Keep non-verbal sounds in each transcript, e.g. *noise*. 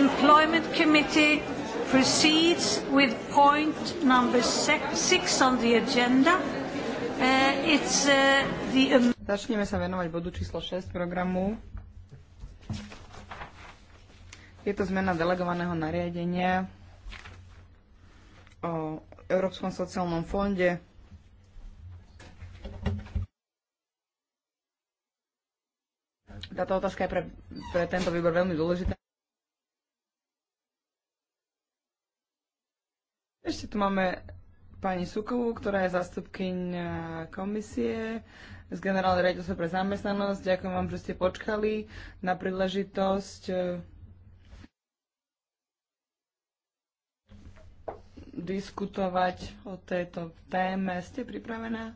Employment Committee proceeds with point number six, six on the agenda. Uh, it's, uh, the... Začneme sa venovať bodu číslo 6 programu. Je to zmena delegovaného nariadenia o Európskom sociálnom fonde. Táto otázka je pre, pre tento výbor veľmi dôležitá. Ešte tu máme pani Sukovú, ktorá je zastupkyňa komisie z generálnej riaditeľstva pre zamestnanosť. Ďakujem vám, že ste počkali na príležitosť diskutovať o tejto téme. Ste pripravená?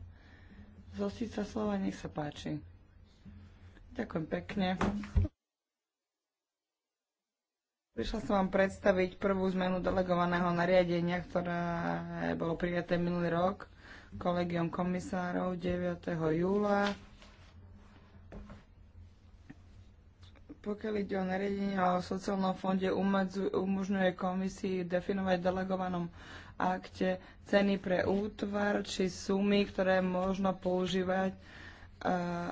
Zostiť sa slova, nech sa páči. Ďakujem pekne. Prišla som vám predstaviť prvú zmenu delegovaného nariadenia, ktoré bolo prijaté minulý rok kolegium komisárov 9. júla. Pokiaľ ide o nariadenie o sociálnom fonde, umožňuje komisii definovať v delegovanom akte ceny pre útvar či sumy, ktoré možno používať a, eh,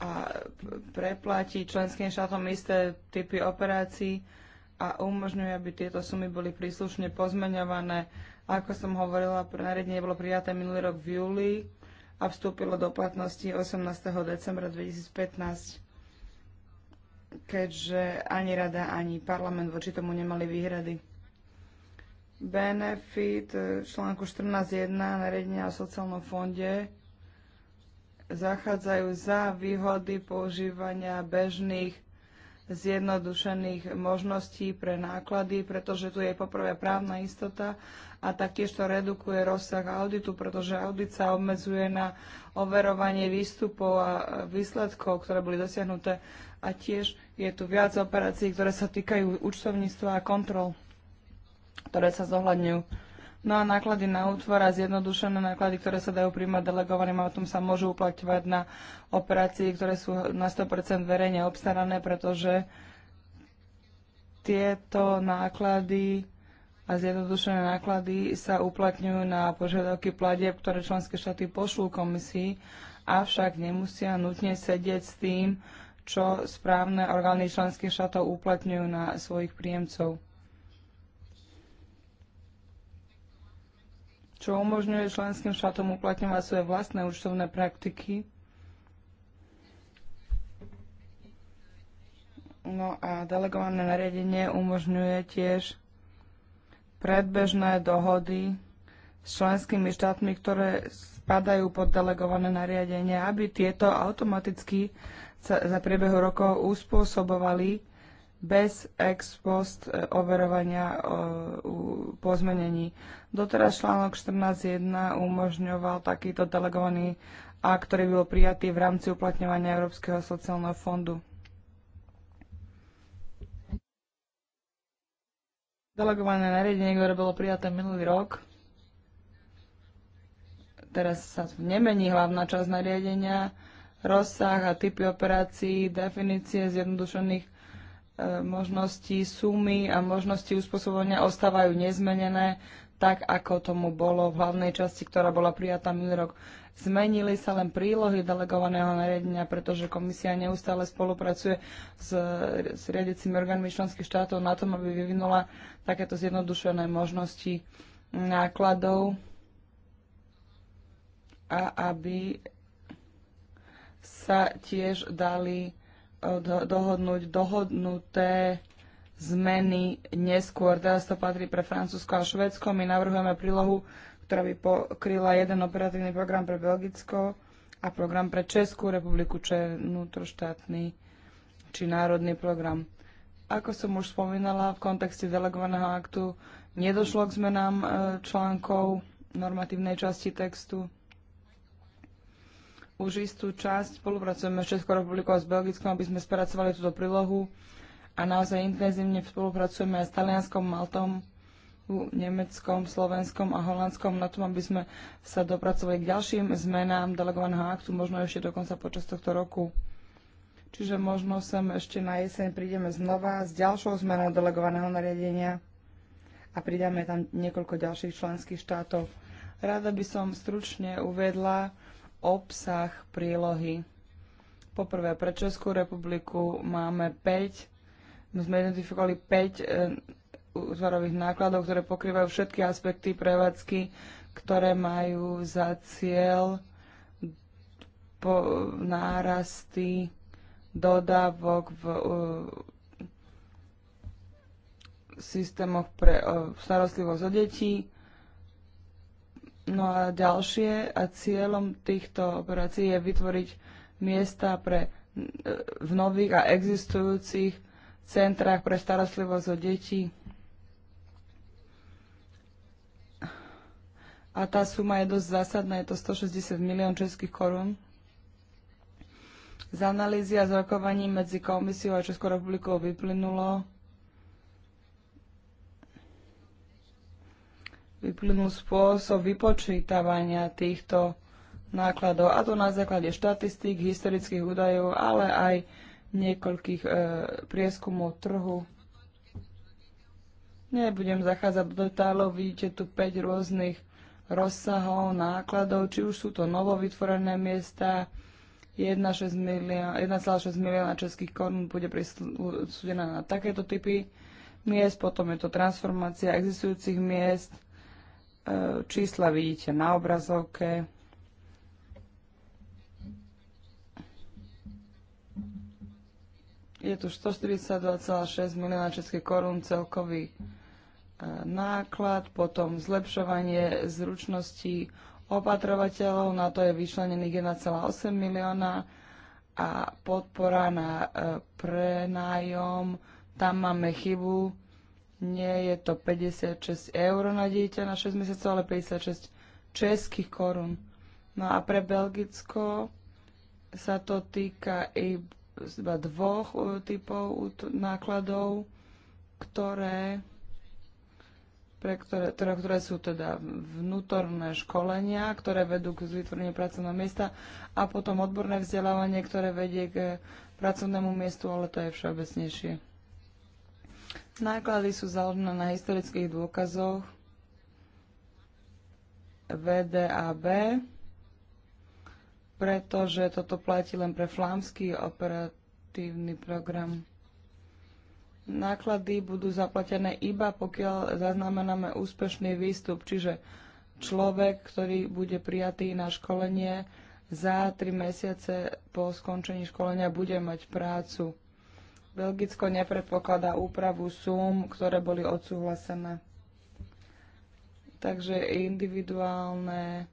a preplatiť členským štátom isté typy operácií a umožňuje, aby tieto sumy boli príslušne pozmeňované. Ako som hovorila, nariadenie bolo prijaté minulý rok v júli a vstúpilo do platnosti 18. decembra 2015 keďže ani rada, ani parlament voči tomu nemali výhrady. Benefit e, článku 14.1 nariadenia o sociálnom fonde zachádzajú za výhody používania bežných zjednodušených možností pre náklady, pretože tu je poprvé právna istota a taktiež to redukuje rozsah auditu, pretože audit sa obmedzuje na overovanie výstupov a výsledkov, ktoré boli dosiahnuté a tiež je tu viac operácií, ktoré sa týkajú účtovníctva a kontrol, ktoré sa zohľadňujú. No a náklady na útvor a zjednodušené náklady, ktoré sa dajú príjmať delegovaným autom, sa môžu uplatňovať na operácii, ktoré sú na 100% verejne obstarané, pretože tieto náklady a zjednodušené náklady sa uplatňujú na požiadavky platieb, ktoré členské štáty pošlú komisii, avšak nemusia nutne sedieť s tým, čo správne orgány členských štátov uplatňujú na svojich príjemcov. čo umožňuje členským štátom uplatňovať svoje vlastné účtovné praktiky. No a delegované nariadenie umožňuje tiež predbežné dohody s členskými štátmi, ktoré spadajú pod delegované nariadenie, aby tieto automaticky za priebehu rokov uspôsobovali bez ex post e, overovania e, pozmenení. Doteraz článok 14.1 umožňoval takýto delegovaný akt, ktorý bol prijatý v rámci uplatňovania Európskeho sociálneho fondu. Delegované nariadenie, ktoré bolo prijaté minulý rok, teraz sa nemení hlavná časť nariadenia, rozsah a typy operácií, definície zjednodušených E, možnosti sumy a možnosti uspôsobovania ostávajú nezmenené, tak ako tomu bolo v hlavnej časti, ktorá bola prijatá minulý rok. Zmenili sa len prílohy delegovaného nariadenia, pretože komisia neustále spolupracuje s, s riadecimi orgánmi členských štátov na tom, aby vyvinula takéto zjednodušené možnosti nákladov a aby sa tiež dali dohodnúť dohodnuté zmeny neskôr. Teraz to patrí pre Francúzsko a Švedsko. My navrhujeme prílohu, ktorá by pokryla jeden operatívny program pre Belgicko a program pre Českú republiku, čo je vnútroštátny či národný program. Ako som už spomínala, v kontexte delegovaného aktu nedošlo k zmenám e, článkov normatívnej časti textu už istú časť spolupracujeme s Českou republikou a s Belgickom, aby sme spracovali túto prílohu a naozaj intenzívne spolupracujeme aj s Talianskom, Maltom, Nemeckom, Slovenskom a Holandskom na tom, aby sme sa dopracovali k ďalším zmenám delegovaného aktu, možno ešte dokonca počas tohto roku. Čiže možno sem ešte na jeseň prídeme znova s ďalšou zmenou delegovaného nariadenia a pridáme tam niekoľko ďalších členských štátov. Rada by som stručne uvedla, obsah prílohy. Poprvé, pre Českú republiku máme 5, my no sme identifikovali 5 e, útvarových nákladov, ktoré pokrývajú všetky aspekty prevádzky, ktoré majú za cieľ po nárasty dodávok v uh, systémoch pre uh, starostlivosť o detí, No a ďalšie a cieľom týchto operácií je vytvoriť miesta pre e, v nových a existujúcich centrách pre starostlivosť o deti. A tá suma je dosť zásadná, je to 160 milión českých korún. Z analýzy a zrokovaní medzi komisiou a Českou republikou vyplynulo, vyplynul spôsob vypočítavania týchto nákladov, a to na základe štatistík, historických údajov, ale aj niekoľkých e, prieskumov trhu. Nebudem zachádzať do detálov, vidíte tu 5 rôznych rozsahov nákladov, či už sú to novo vytvorené miesta, 1,6 milióna, 1,6 milióna českých korún bude prisúdená na takéto typy miest, potom je to transformácia existujúcich miest, E, čísla vidíte na obrazovke. Je tu 142,6 milióna českých korún celkový e, náklad, potom zlepšovanie zručností opatrovateľov, na to je vyčlenených 1,8 milióna a podpora na e, prenájom, tam máme chybu nie je to 56 eur na dieťa na 6 mesiacov, ale 56 českých korún. No a pre Belgicko sa to týka iba dvoch e, typov nákladov, ktoré, pre ktoré, ktoré, teda, ktoré sú teda vnútorné školenia, ktoré vedú k vytvoreniu pracovného miesta a potom odborné vzdelávanie, ktoré vedie k e, pracovnému miestu, ale to je všeobecnejšie. Náklady sú založené na historických dôkazoch VDAB, pretože toto platí len pre flámsky operatívny program. Náklady budú zaplatené iba pokiaľ zaznamenáme úspešný výstup, čiže človek, ktorý bude prijatý na školenie, za tri mesiace po skončení školenia bude mať prácu. Belgicko nepredpokladá úpravu sum, ktoré boli odsúhlasené. Takže individuálne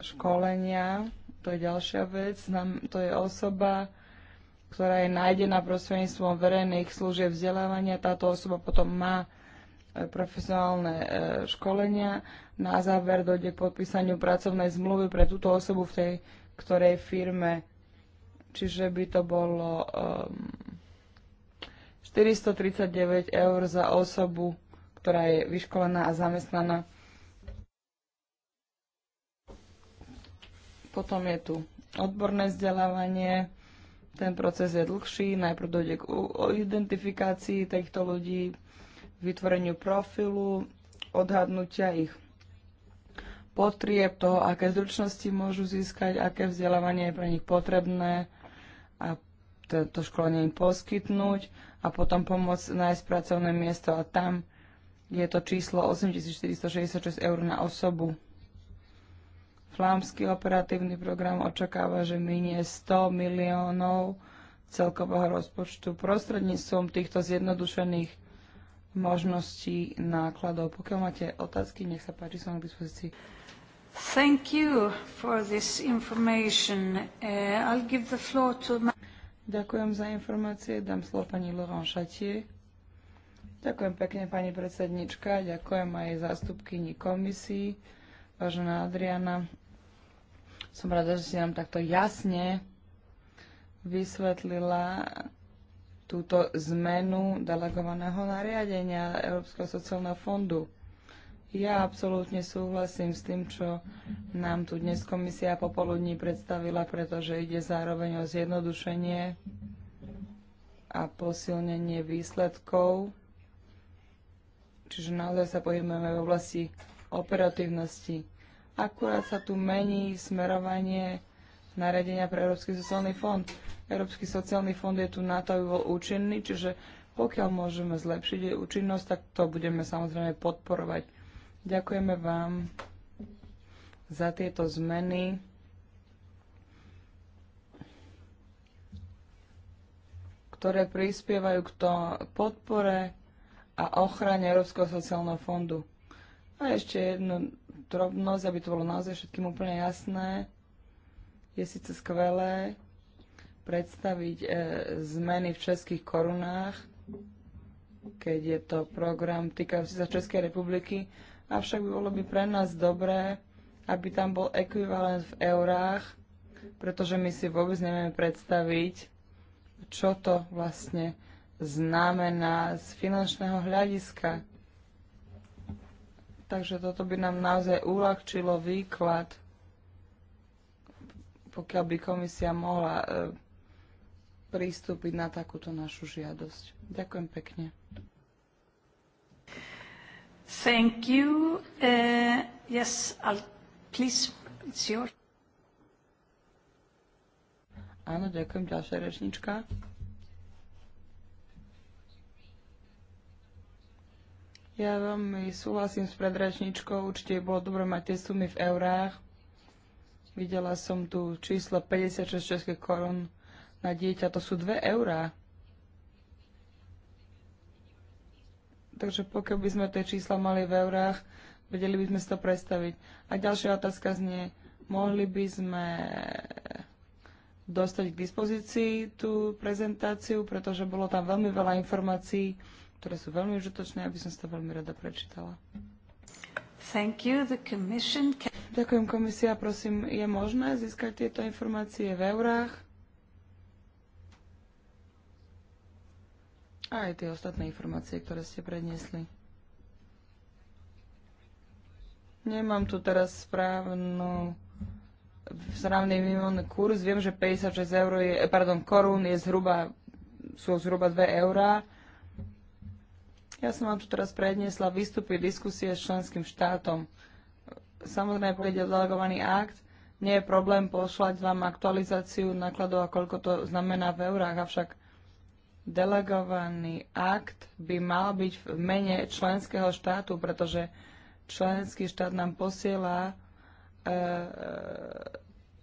školenia, to je ďalšia vec, to je osoba, ktorá je nájdená prostredníctvom verejných služieb vzdelávania. Táto osoba potom má e, profesionálne e, školenia. Na záver dojde k podpísaniu pracovnej zmluvy pre túto osobu v tej ktorej firme. Čiže by to bolo um, 439 eur za osobu, ktorá je vyškolená a zamestnaná. Potom je tu odborné vzdelávanie. Ten proces je dlhší. Najprv dojde k identifikácii týchto ľudí, vytvoreniu profilu, odhadnutia ich potrieb, toho, aké zručnosti môžu získať, aké vzdelávanie je pre nich potrebné a to školenie im poskytnúť a potom pomôcť nájsť pracovné miesto a tam je to číslo 8466 eur na osobu. Flámsky operatívny program očakáva, že minie 100 miliónov celkového rozpočtu prostredníctvom týchto zjednodušených možností nákladov. Pokiaľ máte otázky, nech sa páči, som k dispozícii. Thank you for this information. Uh, I'll give the floor to... Ďakujem za informácie. Dám slovo pani Laurent Chatier. Ďakujem pekne, pani predsednička. Ďakujem aj zástupkyni komisii, vážená Adriana. Som rada, že si nám takto jasne vysvetlila túto zmenu delegovaného nariadenia Európskeho sociálneho fondu. Ja absolútne súhlasím s tým, čo nám tu dnes komisia popoludní predstavila, pretože ide zároveň o zjednodušenie a posilnenie výsledkov. Čiže naozaj sa pohybujeme v oblasti operatívnosti. Akurát sa tu mení smerovanie nariadenia pre Európsky sociálny fond. Európsky sociálny fond je tu na to, aby bol účinný, čiže pokiaľ môžeme zlepšiť jej účinnosť, tak to budeme samozrejme podporovať. Ďakujeme vám za tieto zmeny. ktoré prispievajú k podpore a ochrane Európskeho sociálneho fondu. A ešte jednu drobnosť, aby to bolo naozaj všetkým úplne jasné. Je síce skvelé predstaviť e, zmeny v českých korunách, keď je to program týkajúci sa Českej republiky, avšak bolo by pre nás dobré, aby tam bol ekvivalent v eurách, pretože my si vôbec nevieme predstaviť, čo to vlastne znamená z finančného hľadiska. Takže toto by nám naozaj uľahčilo výklad, pokiaľ by komisia mohla e, pristúpiť na takúto našu žiadosť. Ďakujem pekne. Thank you. Uh, yes, I'll, please, it's yours. Áno, ďakujem. Ďalšia rečnička. Ja veľmi súhlasím s predrečničkou. Určite bolo dobré mať tie sumy v eurách. Videla som tu číslo 56 českých korún na dieťa. To sú 2 eurá. Takže pokiaľ by sme tie čísla mali v eurách, vedeli by sme si to predstaviť. A ďalšia otázka znie, mohli by sme dostať k dispozícii tú prezentáciu, pretože bolo tam veľmi veľa informácií, ktoré sú veľmi užitočné, aby som si to veľmi rada prečítala. Thank you. The commission can... Ďakujem komisia, prosím, je možné získať tieto informácie v eurách? A aj tie ostatné informácie, ktoré ste predniesli. Nemám tu teraz správnu správny výmon kurz. Viem, že 56 eur je, eh, pardon, korún je zhruba, sú zhruba 2 eurá. Ja som vám tu teraz predniesla výstupy diskusie s členským štátom. Samozrejme, pôjde delegovaný akt. Nie je problém poslať vám aktualizáciu nákladov a koľko to znamená v eurách, avšak delegovaný akt by mal byť v mene členského štátu, pretože členský štát nám posiela e, e,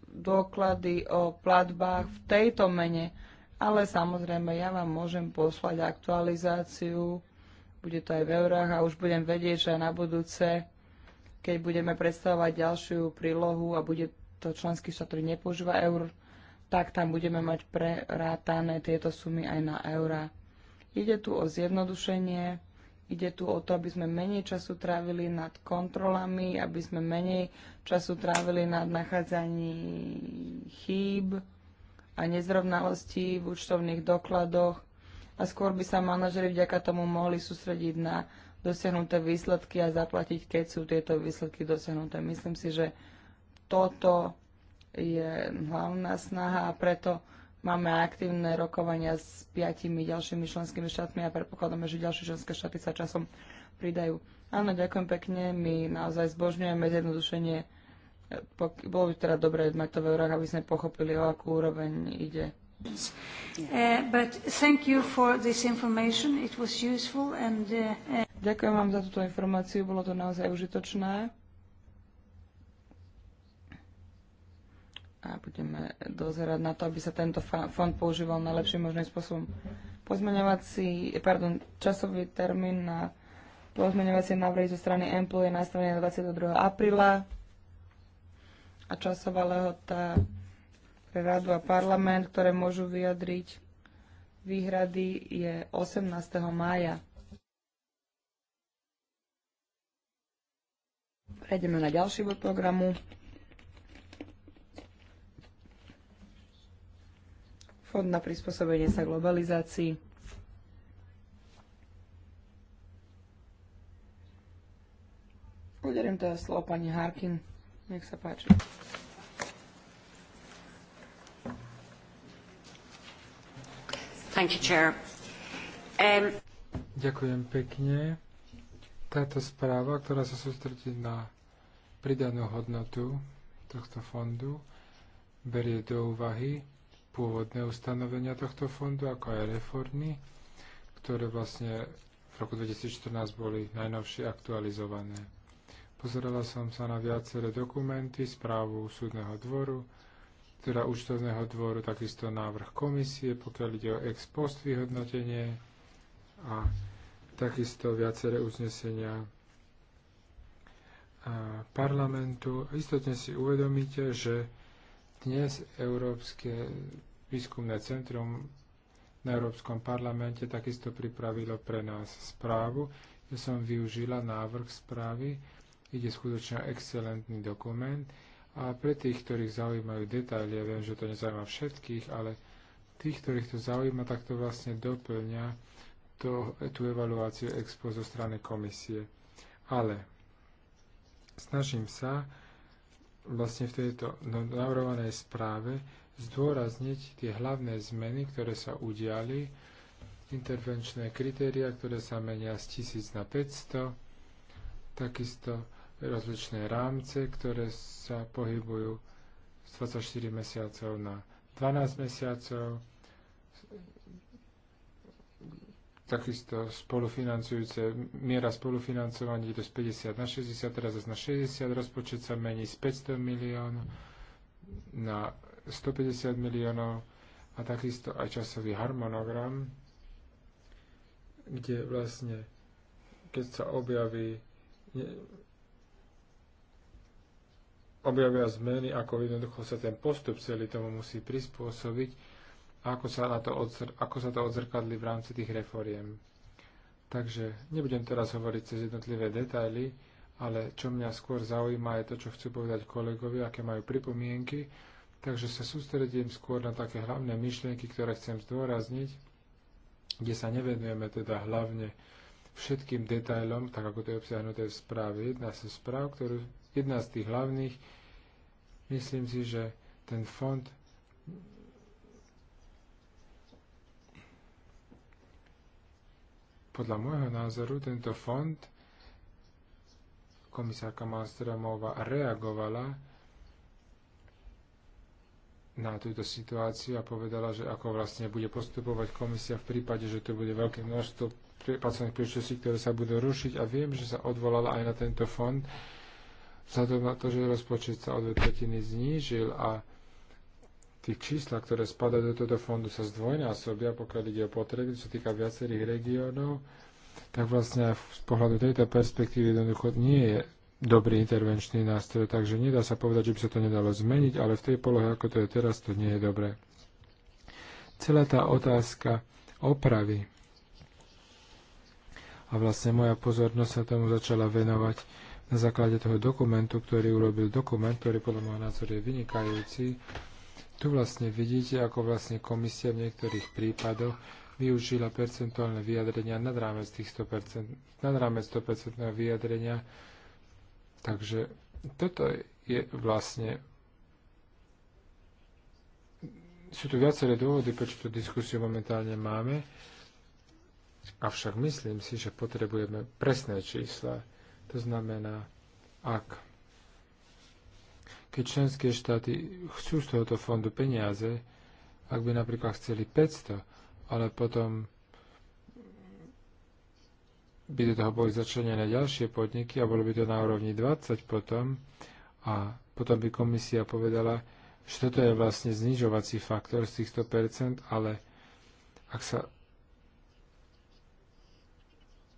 doklady o platbách v tejto mene, ale samozrejme ja vám môžem poslať aktualizáciu, bude to aj v eurách a už budem vedieť, že na budúce, keď budeme predstavovať ďalšiu prílohu a bude to členský štát, ktorý nepoužíva eur, tak tam budeme mať prerátané tieto sumy aj na eurá. Ide tu o zjednodušenie, ide tu o to, aby sme menej času trávili nad kontrolami, aby sme menej času trávili nad nachádzaním chýb a nezrovnalostí v účtovných dokladoch a skôr by sa manažeri vďaka tomu mohli sústrediť na dosiahnuté výsledky a zaplatiť, keď sú tieto výsledky dosiahnuté. Myslím si, že toto je hlavná snaha a preto máme aktívne rokovania s piatimi ďalšími členskými štátmi a predpokladáme, že ďalšie členské štáty sa časom pridajú. Áno, ďakujem pekne, my naozaj zbožňujeme zjednodušenie. Bolo by teda dobré mať to v eurách, aby sme pochopili, o akú úroveň ide. Eh, eh, eh. Ďakujem vám za túto informáciu, bolo to naozaj užitočné. a budeme dozerať na to, aby sa tento fond používal na lepším možným spôsobom. Pozmeňovací, pardon, časový termín na pozmeňovacie návrhy zo strany EMPL je nastavený na 22. apríla a časová lehota pre radu a parlament, ktoré môžu vyjadriť výhrady, je 18. mája. Prejdeme na ďalší bod programu. Fond na prispôsobenie sa globalizácii. Uderím teda slovo pani Harkin. Nech sa páči. Thank you, Chair. Um... Ďakujem pekne. Táto správa, ktorá sa sústredí na pridanú hodnotu tohto fondu, berie do úvahy pôvodné ustanovenia tohto fondu, ako aj reformy, ktoré vlastne v roku 2014 boli najnovšie aktualizované. Pozerala som sa na viaceré dokumenty, správu súdneho dvoru, teda účtovného dvoru, takisto návrh komisie, pokiaľ ide o ex post vyhodnotenie a takisto viaceré uznesenia parlamentu. Istotne si uvedomíte, že dnes európske výskumné centrum na Európskom parlamente takisto pripravilo pre nás správu, že som využila návrh správy. Ide skutočne excelentný dokument a pre tých, ktorých zaujímajú detaily, ja viem, že to nezaujíma všetkých, ale tých, ktorých to zaujíma, tak to vlastne doplňa to, tú evaluáciu expo zo strany komisie. Ale snažím sa vlastne v tejto no, navrhovanej správe zdôrazniť tie hlavné zmeny, ktoré sa udiali, intervenčné kritéria, ktoré sa menia z 1000 na 500, takisto rozličné rámce, ktoré sa pohybujú z 24 mesiacov na 12 mesiacov, takisto spolufinancujúce, miera spolufinancovania ide z 50 na 60, teraz zase na 60, rozpočet sa mení z 500 miliónov na 150 miliónov a takisto aj časový harmonogram, kde vlastne, keď sa objaví objavia zmeny, ako jednoducho sa ten postup celý tomu musí prispôsobiť ako sa, na to, odzr- ako sa to odzrkadli v rámci tých reforiem. Takže nebudem teraz hovoriť cez jednotlivé detaily, ale čo mňa skôr zaujíma je to, čo chcú povedať kolegovia, aké majú pripomienky Takže sa sústredím skôr na také hlavné myšlienky, ktoré chcem zdôrazniť, kde sa nevenujeme teda hlavne všetkým detailom, tak ako to je obsiahnuté v správe. Jedna z správ, ktorú, jedna z tých hlavných, myslím si, že ten fond podľa môjho názoru tento fond komisárka Malstromová reagovala na túto situáciu a povedala, že ako vlastne bude postupovať komisia v prípade, že to bude veľké množstvo pracovných príležitostí, ktoré sa budú rušiť a viem, že sa odvolala aj na tento fond vzhľadom na to, že rozpočet sa o dve tretiny znížil a tých čísla, ktoré spadajú do tohto fondu, sa zdvojnásobia, pokiaľ ide o potreby, čo sa týka viacerých regiónov, tak vlastne aj z pohľadu tejto perspektívy jednoducho nie je dobrý intervenčný nástroj, takže nedá sa povedať, že by sa to nedalo zmeniť, ale v tej polohe, ako to je teraz, to nie je dobré. Celá tá otázka opravy a vlastne moja pozornosť sa tomu začala venovať na základe toho dokumentu, ktorý urobil dokument, ktorý podľa môjho názoru je vynikajúci. Tu vlastne vidíte, ako vlastne komisia v niektorých prípadoch využila percentuálne vyjadrenia nad rámec, tých 100%, nad rámec 100% vyjadrenia, Takže toto je vlastne sú tu viaceré dôvody, prečo tú diskusiu momentálne máme, avšak myslím si, že potrebujeme presné čísla. To znamená, ak keď členské štáty chcú z tohoto fondu peniaze, ak by napríklad chceli 500, ale potom by do toho boli začlenené ďalšie podniky a bolo by to na úrovni 20 potom a potom by komisia povedala, že toto je vlastne znižovací faktor z týchto percent, ale ak sa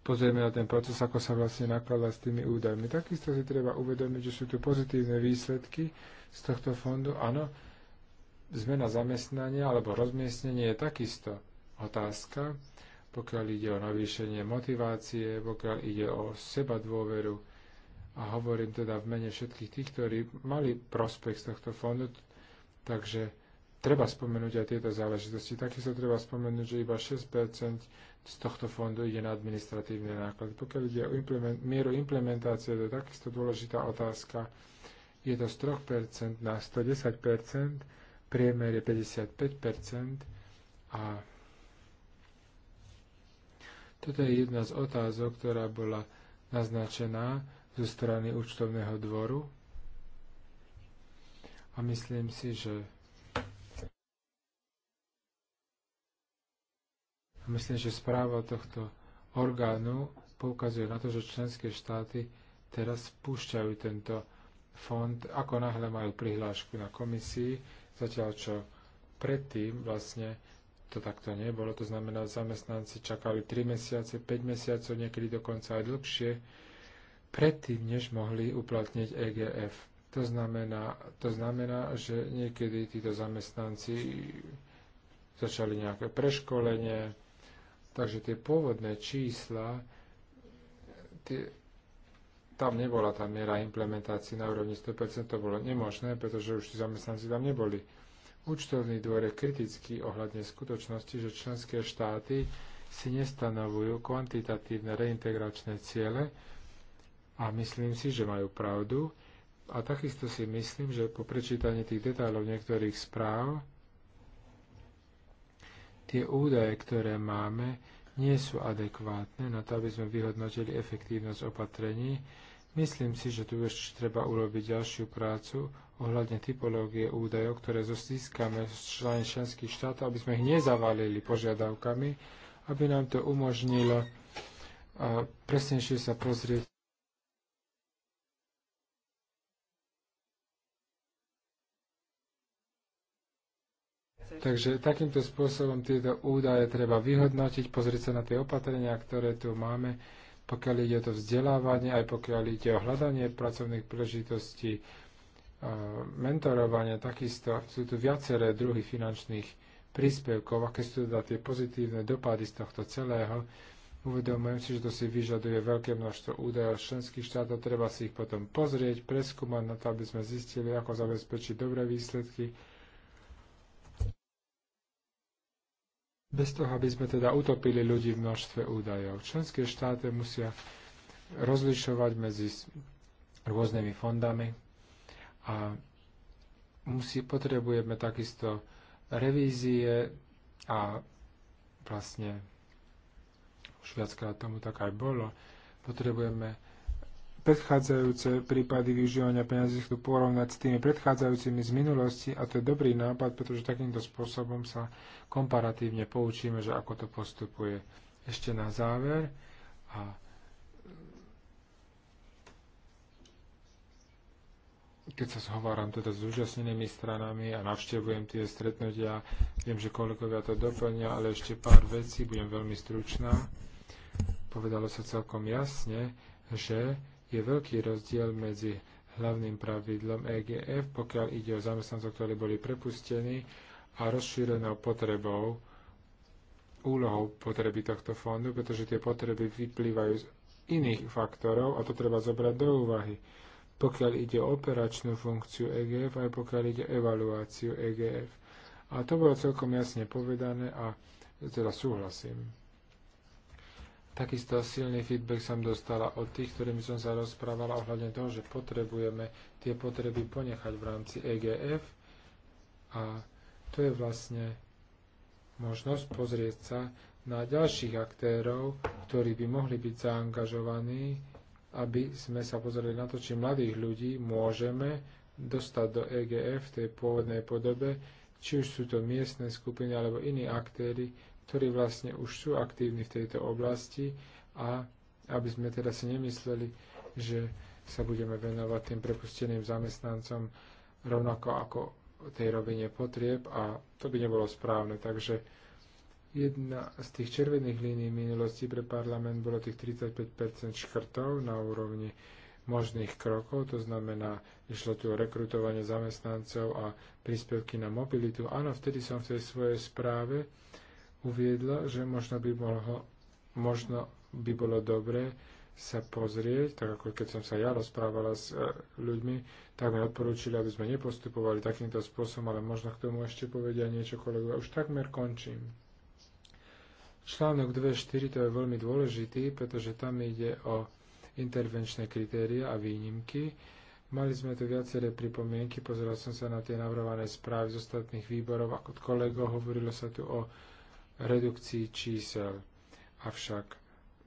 pozrieme na ten proces, ako sa vlastne nakladá s tými údajmi. Takisto si treba uvedomiť, že sú tu pozitívne výsledky z tohto fondu. Áno, zmena zamestnania alebo rozmiestnenie je takisto otázka pokiaľ ide o navýšenie motivácie, pokiaľ ide o seba dôveru. A hovorím teda v mene všetkých tých, ktorí mali prospekt z tohto fondu, takže treba spomenúť aj tieto záležitosti. Takisto treba spomenúť, že iba 6 z tohto fondu ide na administratívne náklady. Pokiaľ ide o implement, mieru implementácie, to je takisto dôležitá otázka. Je to z 3 na 110 priemer je 55 a toto je jedna z otázok, ktorá bola naznačená zo strany účtovného dvoru. A myslím si, že a myslím, že správa tohto orgánu poukazuje na to, že členské štáty teraz spúšťajú tento fond, ako náhle majú prihlášku na komisii, zatiaľ čo predtým vlastne to takto nebolo. To znamená, zamestnanci čakali 3 mesiace, 5 mesiacov, niekedy dokonca aj dlhšie, predtým, než mohli uplatniť EGF. To znamená, to znamená, že niekedy títo zamestnanci začali nejaké preškolenie, takže tie pôvodné čísla, tie, tam nebola tá miera implementácie na úrovni 100%, to bolo nemožné, pretože už tí zamestnanci tam neboli. Účtovný dvor je kritický ohľadne skutočnosti, že členské štáty si nestanovujú kvantitatívne reintegračné ciele a myslím si, že majú pravdu. A takisto si myslím, že po prečítaní tých detajlov niektorých správ tie údaje, ktoré máme, nie sú adekvátne na to, aby sme vyhodnotili efektívnosť opatrení. Myslím si, že tu ešte treba urobiť ďalšiu prácu ohľadne typológie údajov, ktoré získame z člen členských štátov, aby sme ich nezavalili požiadavkami, aby nám to umožnilo presnejšie sa pozrieť Takže takýmto spôsobom tieto údaje treba vyhodnotiť, pozrieť sa na tie opatrenia, ktoré tu máme, pokiaľ ide o to vzdelávanie, aj pokiaľ ide o hľadanie pracovných príležitostí, mentorovania, takisto sú tu viaceré druhy finančných príspevkov, aké sú teda tie pozitívne dopady z tohto celého. Uvedomujem si, že to si vyžaduje veľké množstvo údajov z členských štátov, treba si ich potom pozrieť, preskúmať na to, aby sme zistili, ako zabezpečiť dobré výsledky. Bez toho, aby sme teda utopili ľudí v množstve údajov. Členské štáty musia rozlišovať medzi rôznymi fondami, a musí, potrebujeme takisto revízie a vlastne už viackrát tomu tak aj bolo, potrebujeme predchádzajúce prípady využívania peniazí chcú porovnať s tými predchádzajúcimi z minulosti a to je dobrý nápad, pretože takýmto spôsobom sa komparatívne poučíme, že ako to postupuje. Ešte na záver a keď sa zhováram teda s úžasnenými stranami a navštevujem tie stretnutia, viem, že kolegovia to doplnia, ale ešte pár vecí, budem veľmi stručná. Povedalo sa celkom jasne, že je veľký rozdiel medzi hlavným pravidlom EGF, pokiaľ ide o zamestnancov, ktorí boli prepustení a rozšírenou potrebou, úlohou potreby tohto fondu, pretože tie potreby vyplývajú z iných faktorov a to treba zobrať do úvahy pokiaľ ide o operačnú funkciu EGF, aj pokiaľ ide o evaluáciu EGF. A to bolo celkom jasne povedané a teda súhlasím. Takisto silný feedback som dostala od tých, ktorými som sa rozprávala ohľadne toho, že potrebujeme tie potreby ponechať v rámci EGF a to je vlastne možnosť pozrieť sa na ďalších aktérov, ktorí by mohli byť zaangažovaní aby sme sa pozreli na to, či mladých ľudí môžeme dostať do EGF v tej pôvodnej podobe, či už sú to miestne skupiny alebo iní aktéry, ktorí vlastne už sú aktívni v tejto oblasti a aby sme teda si nemysleli, že sa budeme venovať tým prepusteným zamestnancom rovnako ako tej rovine potrieb a to by nebolo správne. Takže Jedna z tých červených línií minulosti pre parlament bolo tých 35 škrtov na úrovni možných krokov, to znamená, išlo tu o rekrutovanie zamestnancov a príspevky na mobilitu. Áno, vtedy som v tej svojej správe uviedla, že možno by, mohlo, možno by bolo dobre sa pozrieť, tak ako keď som sa ja rozprávala s e, ľuďmi, tak mi odporúčili, aby sme nepostupovali takýmto spôsobom, ale možno k tomu ešte povedia niečo kolegovia. Už takmer končím. Článok 2.4 to je veľmi dôležitý, pretože tam ide o intervenčné kritéria a výnimky. Mali sme tu viaceré pripomienky, pozeral som sa na tie navrhované správy z ostatných výborov, ako od kolegov hovorilo sa tu o redukcii čísel. Avšak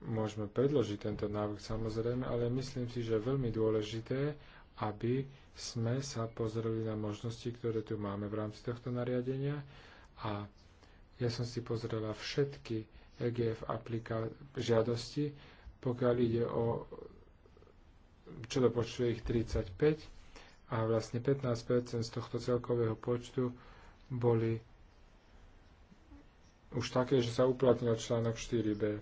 môžeme predložiť tento návrh samozrejme, ale myslím si, že je veľmi dôležité, aby sme sa pozreli na možnosti, ktoré tu máme v rámci tohto nariadenia a ja som si pozrela všetky EGF aplika- žiadosti, pokiaľ ide o čo do počtu ich 35 a vlastne 15% z tohto celkového počtu boli už také, že sa uplatnil článok 4b.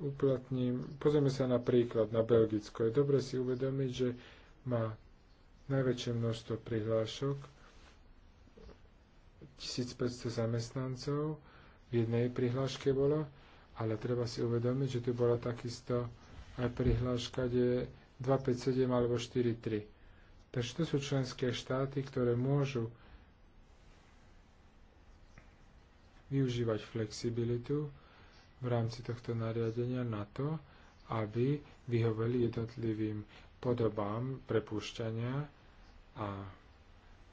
Uplatním, pozrieme sa na príklad, na Belgicko. Je dobre si uvedomiť, že má najväčšie množstvo prihlášok, 1500 zamestnancov v jednej prihláške bolo, ale treba si uvedomiť, že tu bola takisto aj prihláška, kde je 257 alebo 43. Takže to sú členské štáty, ktoré môžu využívať flexibilitu v rámci tohto nariadenia na to, aby vyhoveli jednotlivým podobám prepúšťania a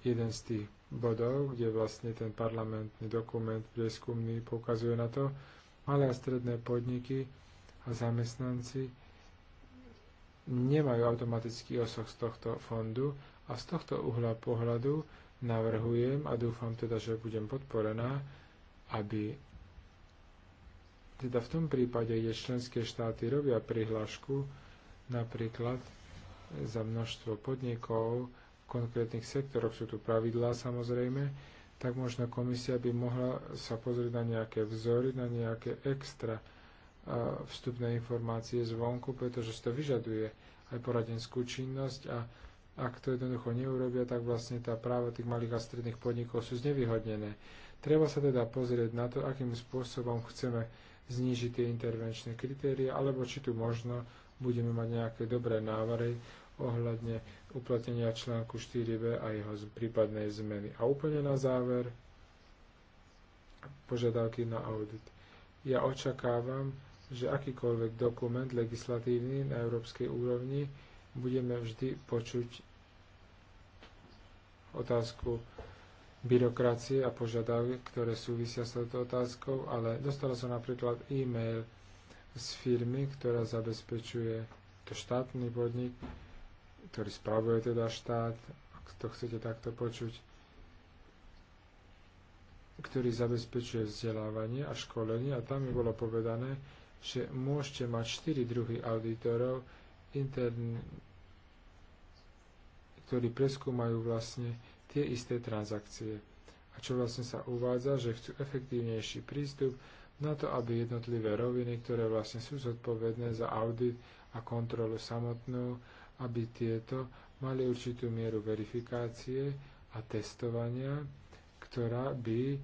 jeden z tých bodov, kde vlastne ten parlamentný dokument prieskumný poukazuje na to, malé a stredné podniky a zamestnanci nemajú automatický osoch z tohto fondu a z tohto uhla pohľadu navrhujem a dúfam teda, že budem podporená, aby teda v tom prípade, kde členské štáty robia prihlášku napríklad za množstvo podnikov, konkrétnych sektoroch, sú tu pravidlá samozrejme, tak možno komisia by mohla sa pozrieť na nejaké vzory, na nejaké extra vstupné informácie zvonku, pretože si to vyžaduje aj poradenskú činnosť a ak to jednoducho neurobia, tak vlastne tá práva tých malých a stredných podnikov sú znevýhodnené. Treba sa teda pozrieť na to, akým spôsobom chceme znížiť tie intervenčné kritéria, alebo či tu možno budeme mať nejaké dobré návrhy ohľadne uplatnenia článku 4b a jeho prípadnej zmeny. A úplne na záver požiadavky na audit. Ja očakávam, že akýkoľvek dokument legislatívny na európskej úrovni budeme vždy počuť otázku byrokracie a požiadavky, ktoré súvisia s touto otázkou, ale dostala som napríklad e-mail z firmy, ktorá zabezpečuje to štátny podnik, ktorý spravuje teda štát, ak to chcete takto počuť, ktorý zabezpečuje vzdelávanie a školenie a tam mi bolo povedané, že môžete mať 4 druhy auditorov, intern, ktorí preskúmajú vlastne tie isté transakcie. A čo vlastne sa uvádza, že chcú efektívnejší prístup na to, aby jednotlivé roviny, ktoré vlastne sú zodpovedné za audit a kontrolu samotnú, aby tieto mali určitú mieru verifikácie a testovania, ktorá by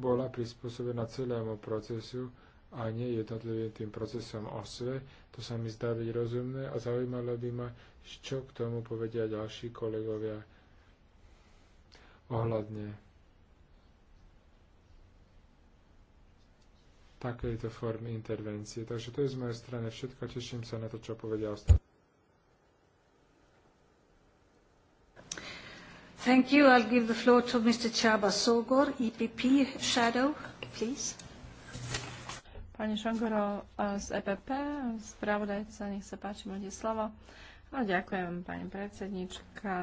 bola prispôsobená celému procesu a nie jednotlivým tým procesom osve. To sa mi zdá byť rozumné a zaujímalo by ma, čo k tomu povedia ďalší kolegovia ohľadne takejto formy intervencie. Takže to je z mojej strany všetko. Teším sa na to, čo povedia ostatní. Thank you. I'll give the floor to Mr. Chaba Sogor, EPP Shadow, please. Pani Šongoro z EPP, spravodajca, nech sa páči, máte slovo. No, ďakujem, pani predsednička.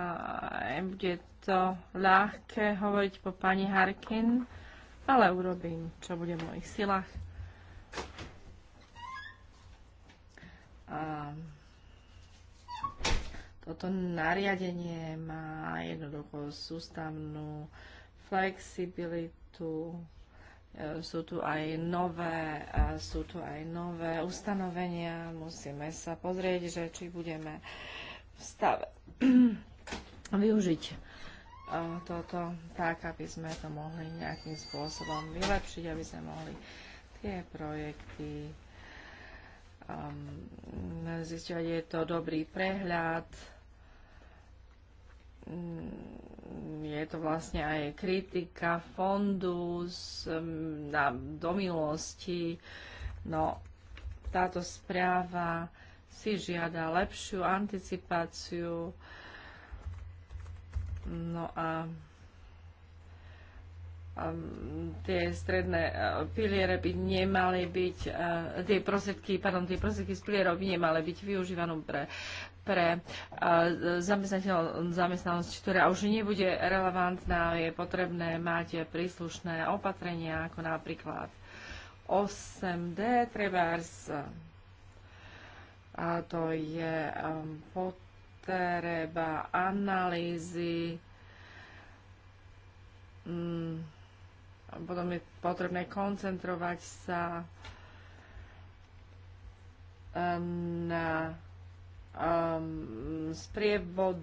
E, bude to ľahké hovoriť po pani Harkin, ale urobím, čo bude v mojich silách. A toto nariadenie má jednoducho sústavnú flexibilitu, e, sú tu aj nové, e, sú tu aj nové ustanovenia, musíme sa pozrieť, že či budeme v stave *clears throat* využiť e, toto tak, aby sme to mohli nejakým spôsobom vylepšiť, aby sme mohli tie projekty, um, zistiť, je to dobrý prehľad, mm, je to vlastne aj kritika fondu z, mm, na, do milosti, No, táto správa si žiada lepšiu anticipáciu. No a Ehm, tie stredné e, piliere by nemali byť, e, tie prostriedky, pardon, tie prostriedky z pilierov by nemali byť využívané pre pre e, zamestnanosť, ktorá už nebude relevantná, je potrebné mať príslušné opatrenia, ako napríklad 8D, trebárs, a to je ehm, potreba analýzy mm, potom je potrebné koncentrovať sa ehm, na um, sprievod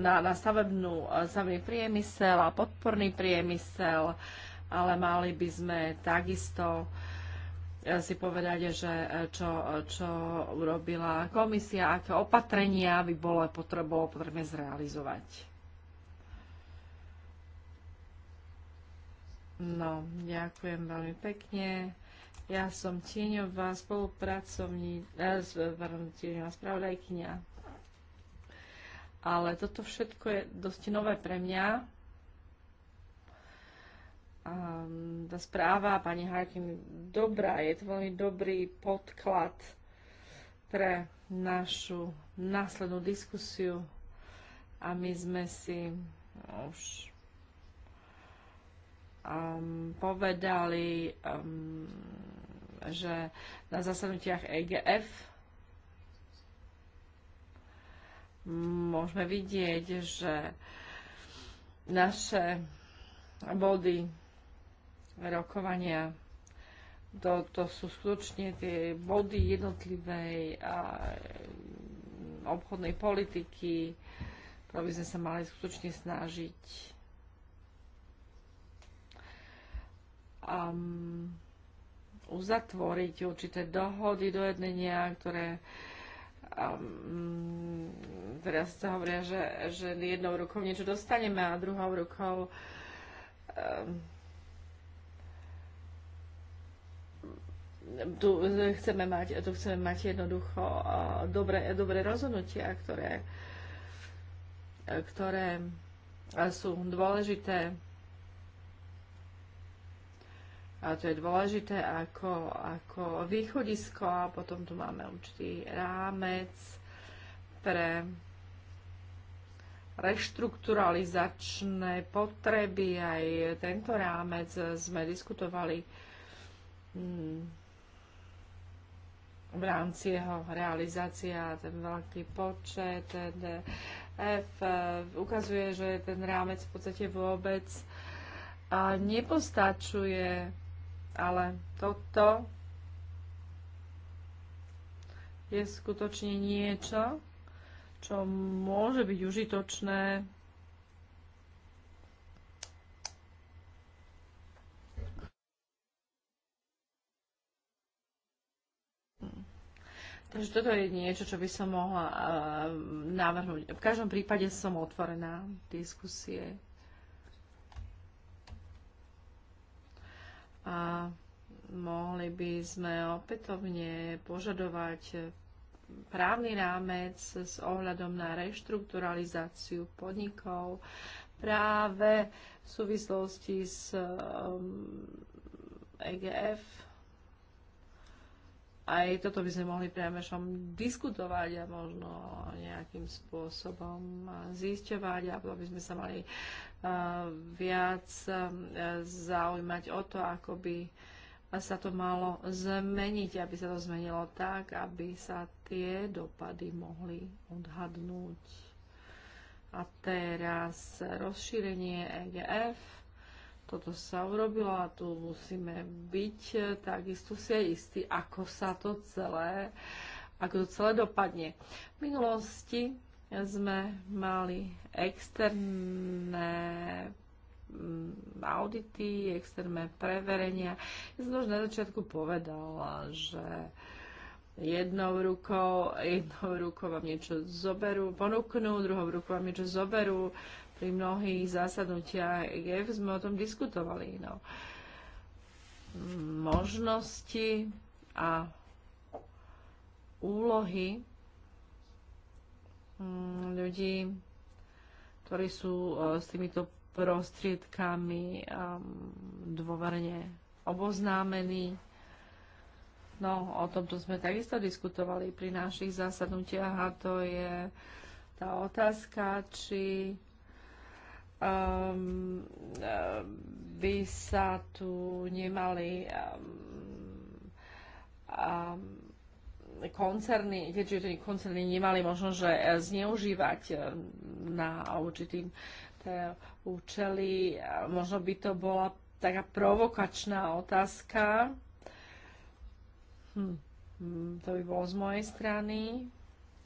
na, na stavebnú, e, stavebný priemysel a podporný priemysel, ale mali by sme takisto e, si povedať, že e, čo, čo urobila komisia, aké opatrenia by bolo, bolo potrebné zrealizovať. No, ďakujem veľmi pekne. Ja som tieňová spolupracovní, eh, pardon, tieňová spravodajkynia. Ale toto všetko je dosť nové pre mňa. Um, tá správa pani Harkin dobrá, je to veľmi dobrý podklad pre našu následnú diskusiu a my sme si no, už um, povedali, um, že na zasadnutiach EGF môžeme vidieť, že naše body rokovania to, to sú skutočne tie body jednotlivej a obchodnej politiky, ktoré by sme sa mali skutočne snažiť um, uzatvoriť určité dohody, dojednenia, ktoré um, teraz sa hovoria, že, že jednou rukou niečo dostaneme a druhou rukou um, tu chceme mať, tu chceme mať jednoducho uh, dobré, dobré rozhodnutia, ktoré, ktoré sú dôležité a to je dôležité ako, ako východisko a potom tu máme určitý rámec pre reštrukturalizačné potreby. Aj tento rámec sme diskutovali mm, v rámci jeho realizácia ten veľký počet F ukazuje, že ten rámec v podstate vôbec a nepostačuje ale toto je skutočne niečo, čo môže byť užitočné Takže toto je niečo, čo by som mohla uh, navrhnúť. V každom prípade som otvorená diskusie. a mohli by sme opätovne požadovať právny rámec s ohľadom na reštrukturalizáciu podnikov práve v súvislosti s um, EGF. Aj toto by sme mohli priamešom diskutovať a možno nejakým spôsobom zisťovať a by sme sa mali viac zaujímať o to, ako by sa to malo zmeniť, aby sa to zmenilo tak, aby sa tie dopady mohli odhadnúť. A teraz rozšírenie EGF. Toto sa urobilo a tu musíme byť takisto si aj istí, ako sa to celé, ako to celé dopadne. V minulosti sme mali externé mm, audity, externé preverenia. Ja som už na začiatku povedala, že jednou rukou, jednou rukou vám niečo zoberú, ponúknú, druhou rukou vám niečo zoberú. Pri mnohých zásadnutiach EGF sme o tom diskutovali. No. Možnosti a úlohy Mm, ľudí, ktorí sú e, s týmito prostriedkami um, dôverne oboznámení. No, o tomto sme takisto diskutovali pri našich zasadnutiach a to je tá otázka, či um, e, by sa tu nemali um, um, koncerny, keďže tie koncerny nemali možno, že e, zneužívať e, na určitým e, účely. Možno by to bola taká provokačná otázka. Hm, hm. To by bolo z mojej strany.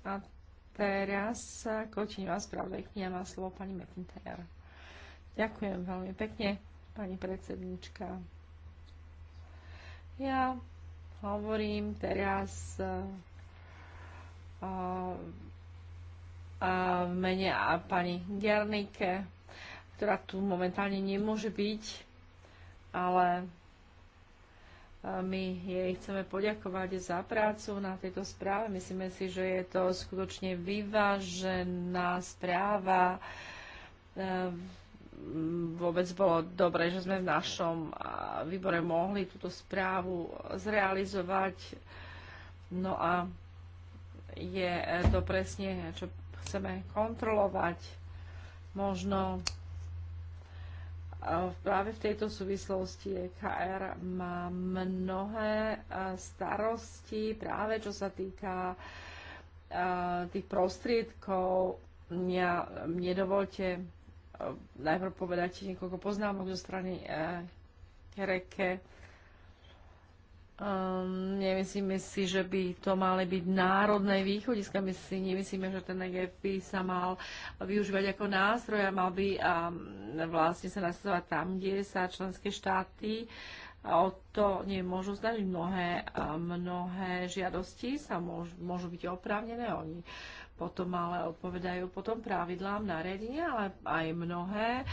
A teraz kotím vás kočinová kniha má slovo pani McIntyre. Ďakujem veľmi pekne, pani predsednička. Ja Hovorím teraz eh, eh, v mene a pani Gernike, ktorá tu momentálne nemôže byť, ale eh, my jej chceme poďakovať za prácu na tejto správe. Myslíme si, že je to skutočne vyvážená správa vôbec bolo dobre, že sme v našom výbore mohli túto správu zrealizovať. No a je to presne, čo chceme kontrolovať. Možno práve v tejto súvislosti KR má mnohé starosti, práve čo sa týka tých prostriedkov. Mňa, mne dovolte Eh, najprv povedať niekoľko poznámok zo strany eh, Reke. Um, nemyslíme si, že by to mali byť národné východiska. My si nemyslíme, že ten EGF by sa mal využívať ako nástroj a mal by um, vlastne sa nasledovať tam, kde sa členské štáty o to nemôžu snažiť. Mnohé, mnohé žiadosti sa môžu, môžu byť oprávnené. Oni uh, potom ale odpovedajú potom pravidlám nariadenia, ale aj mnohé e,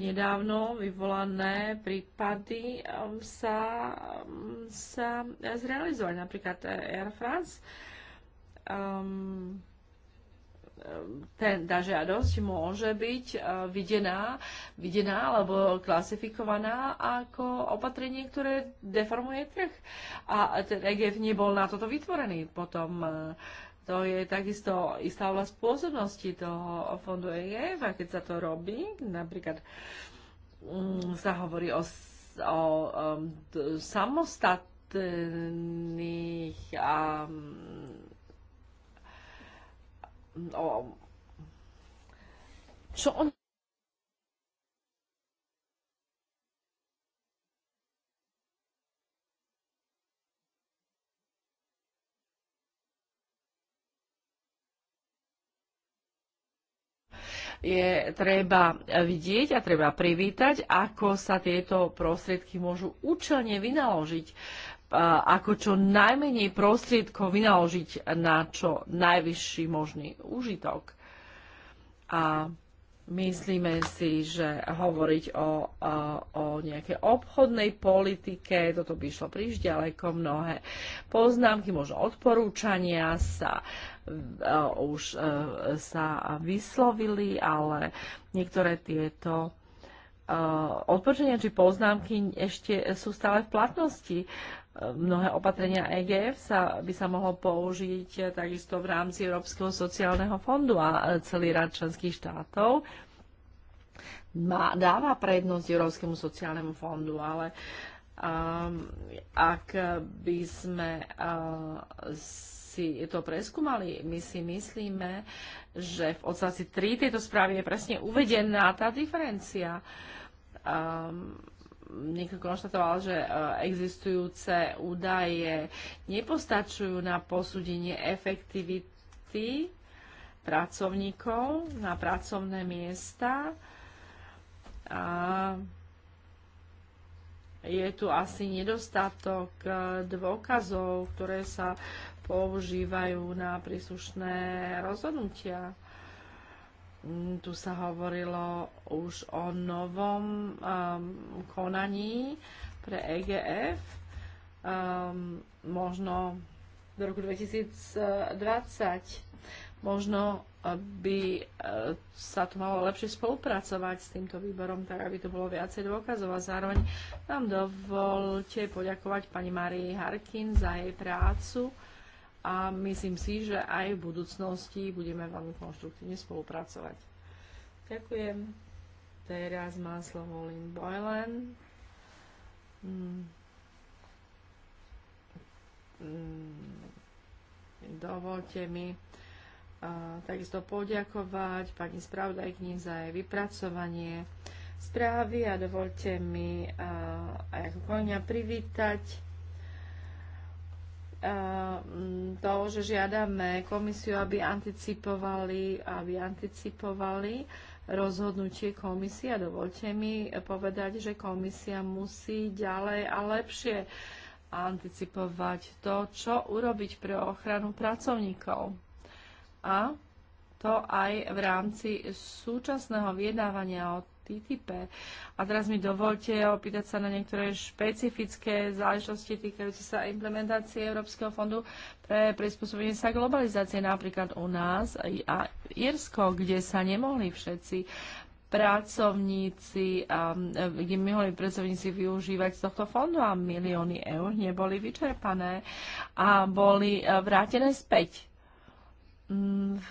nedávno vyvolané prípady e, sa, e, sa zrealizovali. Napríklad Air France um, ten, tá žiadosť môže byť videná, videná alebo klasifikovaná ako opatrenie, ktoré deformuje trh. A ten EGF nebol na toto vytvorený. Potom uh, to je takisto istá oblasť pôsobnosti toho fondu EIF a keď sa to robí, napríklad mm, sa hovorí o, o um, samostatných a um, o, čo on je treba vidieť a treba privítať, ako sa tieto prostriedky môžu účelne vynaložiť ako čo najmenej prostriedkov vynaložiť na čo najvyšší možný úžitok. A myslíme si, že hovoriť o, o nejakej obchodnej politike, toto by išlo príliš ďaleko, mnohé poznámky, možno odporúčania sa E, už e, sa vyslovili, ale niektoré tieto e, odporúčania či poznámky ešte sú stále v platnosti. Mnohé opatrenia EGF sa, by sa mohlo použiť takisto v rámci Európskeho sociálneho fondu a celý Rád členských štátov má, dáva prednosť Európskemu sociálnemu fondu, ale um, ak by sme uh, si to preskúmali. My si myslíme, že v odstavci 3 tejto správy je presne uvedená tá diferencia. Um, niekto konštatoval, že e, existujúce údaje nepostačujú na posúdenie efektivity pracovníkov na pracovné miesta. A je tu asi nedostatok e, dôkazov, ktoré sa používajú na príslušné rozhodnutia. Mm, tu sa hovorilo už o novom um, konaní pre EGF. Um, možno do roku 2020 možno uh, by uh, sa to malo lepšie spolupracovať s týmto výborom, tak aby to bolo viacej dôkazov. A zároveň nám dovolte poďakovať pani Marii Harkin za jej prácu a myslím si, že aj v budúcnosti budeme veľmi konštruktívne spolupracovať. Ďakujem. Teraz má slovo Lynn Boylan. Mm. mm. Dovolte mi uh, takisto poďakovať pani spravodajkni za jej vypracovanie správy a dovolte mi uh, ako konia privítať Ehm, to, že žiadame komisiu, aby anticipovali, aby anticipovali rozhodnutie komisie. A dovolte mi povedať, že komisia musí ďalej a lepšie anticipovať to, čo urobiť pre ochranu pracovníkov. A to aj v rámci súčasného vyjednávania o TTIP. A teraz mi dovolte opýtať sa na niektoré špecifické záležitosti týkajúce sa implementácie Európskeho fondu pre prispôsobenie sa globalizácie, napríklad u nás a Irsko, kde sa nemohli všetci pracovníci, um, kde mohli pracovníci využívať z tohto fondu a milióny eur neboli vyčerpané a boli uh, vrátené späť Mm, v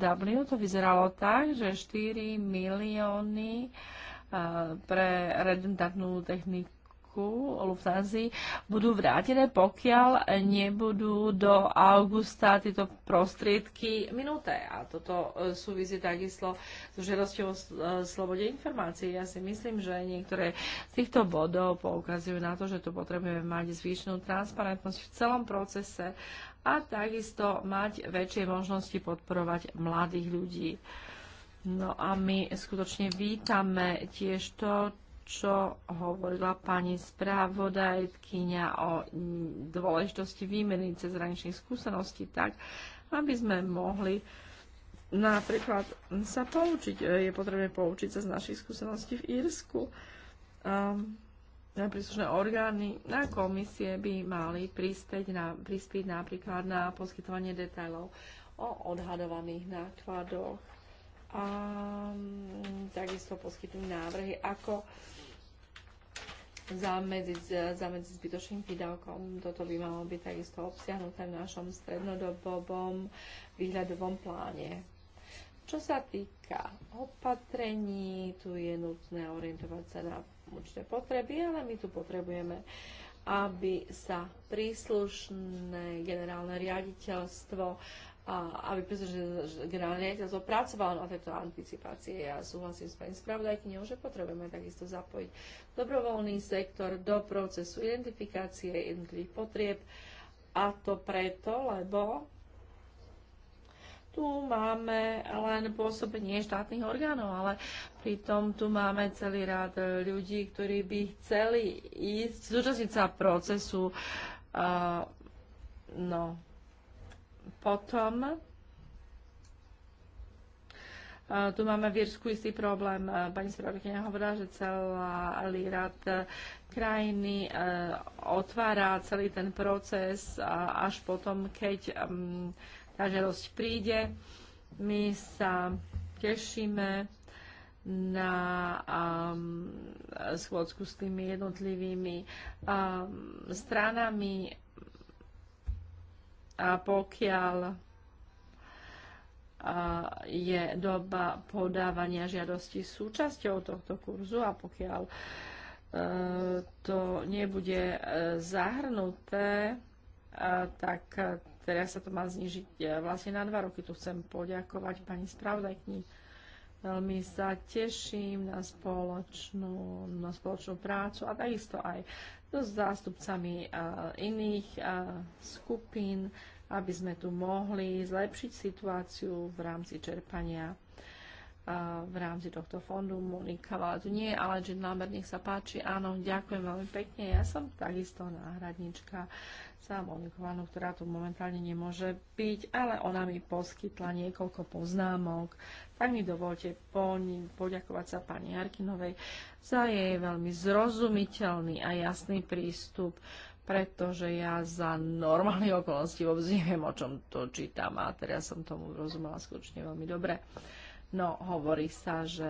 Dublinu to vyzeralo tak, že 4 milióny eh, pre redundantnú techniku Lufthansa budú vrátené, pokiaľ nebudú do augusta tieto prostriedky minuté. A toto eh, súvisí takisto s žiadosťou o eh, slobode informácií. Ja si myslím, že niektoré z týchto bodov poukazujú na to, že tu potrebujeme mať zvýšenú transparentnosť v celom procese a takisto mať väčšie možnosti podporovať mladých ľudí. No a my skutočne vítame tiež to, čo hovorila pani správodajkyňa o dôležitosti výmeny cezhraničných skúseností tak, aby sme mohli napríklad sa poučiť. Je potrebné poučiť sa z našich skúseností v Írsku. Um, príslušné orgány a komisie by mali prispieť, na, prispieť napríklad na poskytovanie detailov o odhadovaných nákladoch a mm, takisto poskytnú návrhy, ako zamedziť, zamedziť zbytočným výdavkom. Toto by malo byť takisto obsiahnuté v našom strednodobom výhľadovom pláne. Čo sa týka opatrení, tu je nutné orientovať sa na určité potreby, ale my tu potrebujeme, aby sa príslušné generálne riaditeľstvo a aby generálne riaditeľstvo pracovalo na tejto anticipácie. Ja súhlasím s pani spravodajkyňou, že potrebujeme takisto zapojiť dobrovoľný sektor do procesu identifikácie jednotlivých potrieb a to preto, lebo tu máme len pôsobenie štátnych orgánov, ale pritom tu máme celý rád ľudí, ktorí by chceli ísť, zúčastniť sa procesu. Uh, no, potom uh, tu máme v Írsku istý problém. Pani spravodajkynia hovorila, že celý rad e, krajiny uh, otvára celý ten proces až potom, keď um, tá žiadosť príde. My sa tešíme na um, schôdzku s tými jednotlivými um, stranami a pokiaľ uh, je doba podávania žiadosti súčasťou tohto kurzu a pokiaľ uh, to nebude uh, zahrnuté, tak teraz sa to má znižiť e, vlastne na dva roky. Tu chcem poďakovať pani spravodajkni. Veľmi sa teším na spoločnú, na spoločnú prácu a takisto aj so zástupcami e, iných e, skupín, aby sme tu mohli zlepšiť situáciu v rámci čerpania v rámci tohto fondu. Monika Vala nie, ale Jean Lambert, nech sa páči. Áno, ďakujem veľmi pekne. Ja som takisto náhradnička za Moniku Vanu, ktorá tu momentálne nemôže byť, ale ona mi poskytla niekoľko poznámok. Tak mi dovolte poďakovať sa pani Jarkinovej za jej veľmi zrozumiteľný a jasný prístup pretože ja za normálne okolnosti vôbec neviem, o čom to čítam a teraz som tomu rozumela skutočne veľmi dobre. Uh, No, hovorí sa, že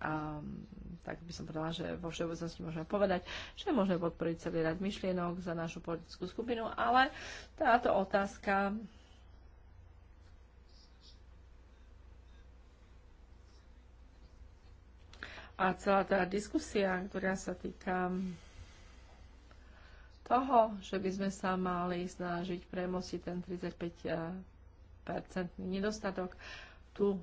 um, tak by som povedala, že vo všeobecnosti môžeme povedať, že môžeme podporiť celý rad myšlienok za našu politickú skupinu, ale táto otázka a celá tá diskusia, ktorá sa týka toho, že by sme sa mali snažiť premostiť ten 35-percentný nedostatok, tu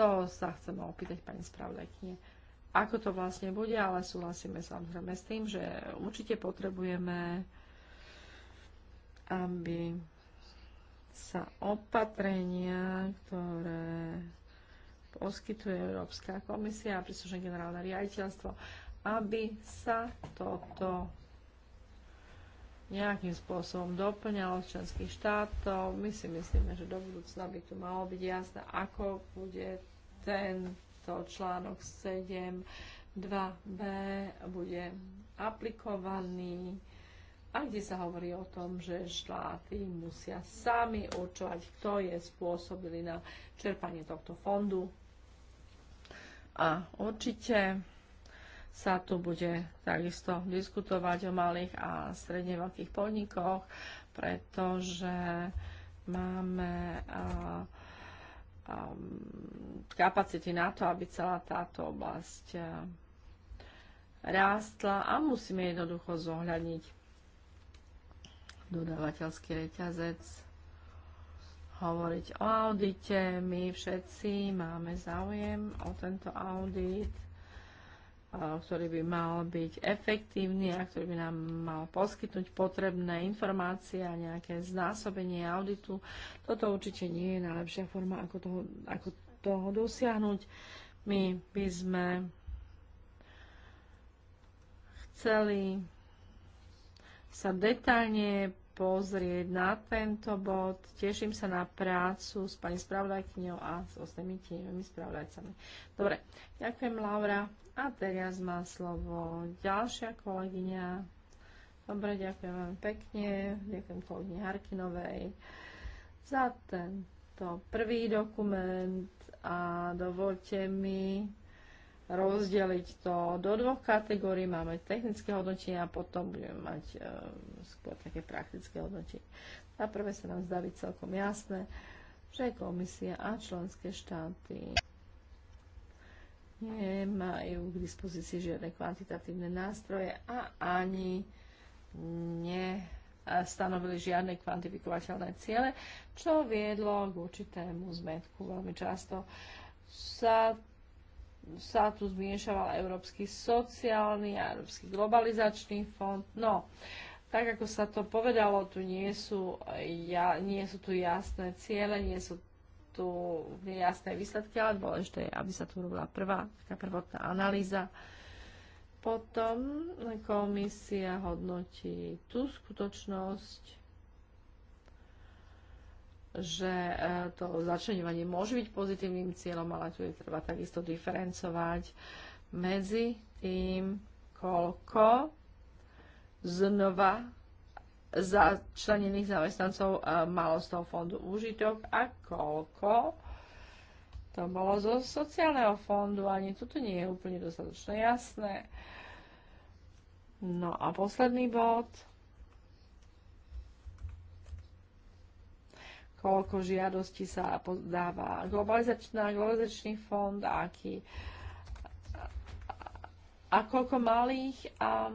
to sa chceme opýtať pani spravodajkyne. Ako to vlastne bude, ale súhlasíme samozrejme s tým, že určite potrebujeme, aby sa opatrenia, ktoré poskytuje Európska komisia a príslušné generálne riaditeľstvo, aby sa toto nejakým spôsobom doplňalo z členských štátov. My si myslíme, že do budúcna by tu malo byť jasné, ako bude tento článok 72 b bude aplikovaný a kde sa hovorí o tom, že štáty musia sami určovať, kto je spôsobili na čerpanie tohto fondu. A určite sa tu bude takisto diskutovať o malých a stredne veľkých podnikoch, pretože máme mm, kapacity na to, aby celá táto oblasť rástla a musíme jednoducho zohľadniť dodávateľský reťazec, hovoriť o audite. My všetci máme záujem o tento audit ktorý by mal byť efektívny a ktorý by nám mal poskytnúť potrebné informácie a nejaké znásobenie auditu. Toto určite nie je najlepšia forma, ako toho, ako toho dosiahnuť. My by sme chceli sa detailne pozrieť na tento bod. Teším sa na prácu s pani spravodajkyňou a s ostatnými tieňovými spravodajcami. Dobre, ďakujem Laura. A teraz má slovo ďalšia kolegyňa. Dobre, ďakujem vám pekne. Ďakujem kolegyne Harkinovej za tento prvý dokument a dovolte mi rozdeliť to do dvoch kategórií. Máme technické hodnotenie a potom budeme mať e, skôr také praktické hodnotenie. Na prvé sa nám zdá byť celkom jasné, že komisia a členské štáty nemajú k dispozícii žiadne kvantitatívne nástroje a ani nestanovili žiadne kvantifikovateľné ciele, čo viedlo k určitému zmetku veľmi často sa sa tu zmiešaval Európsky sociálny a Európsky globalizačný fond. No, tak ako sa to povedalo, tu nie sú, ja, nie sú tu jasné ciele, nie sú tu jasné výsledky, ale dôležité je, aby sa tu robila prvá, taká prvotná analýza. Potom komisia hodnotí tú skutočnosť, že e, to začlenovanie môže byť pozitívnym cieľom, ale tu je treba takisto diferencovať medzi tým, koľko znova začlenených zamestnancov e, malo z toho fondu úžitok a koľko to bolo zo sociálneho fondu. Ani toto nie je úplne dostatočne jasné. No a posledný bod – koľko žiadostí sa podáva globalizačná, globalizačný fond a aký a koľko malých a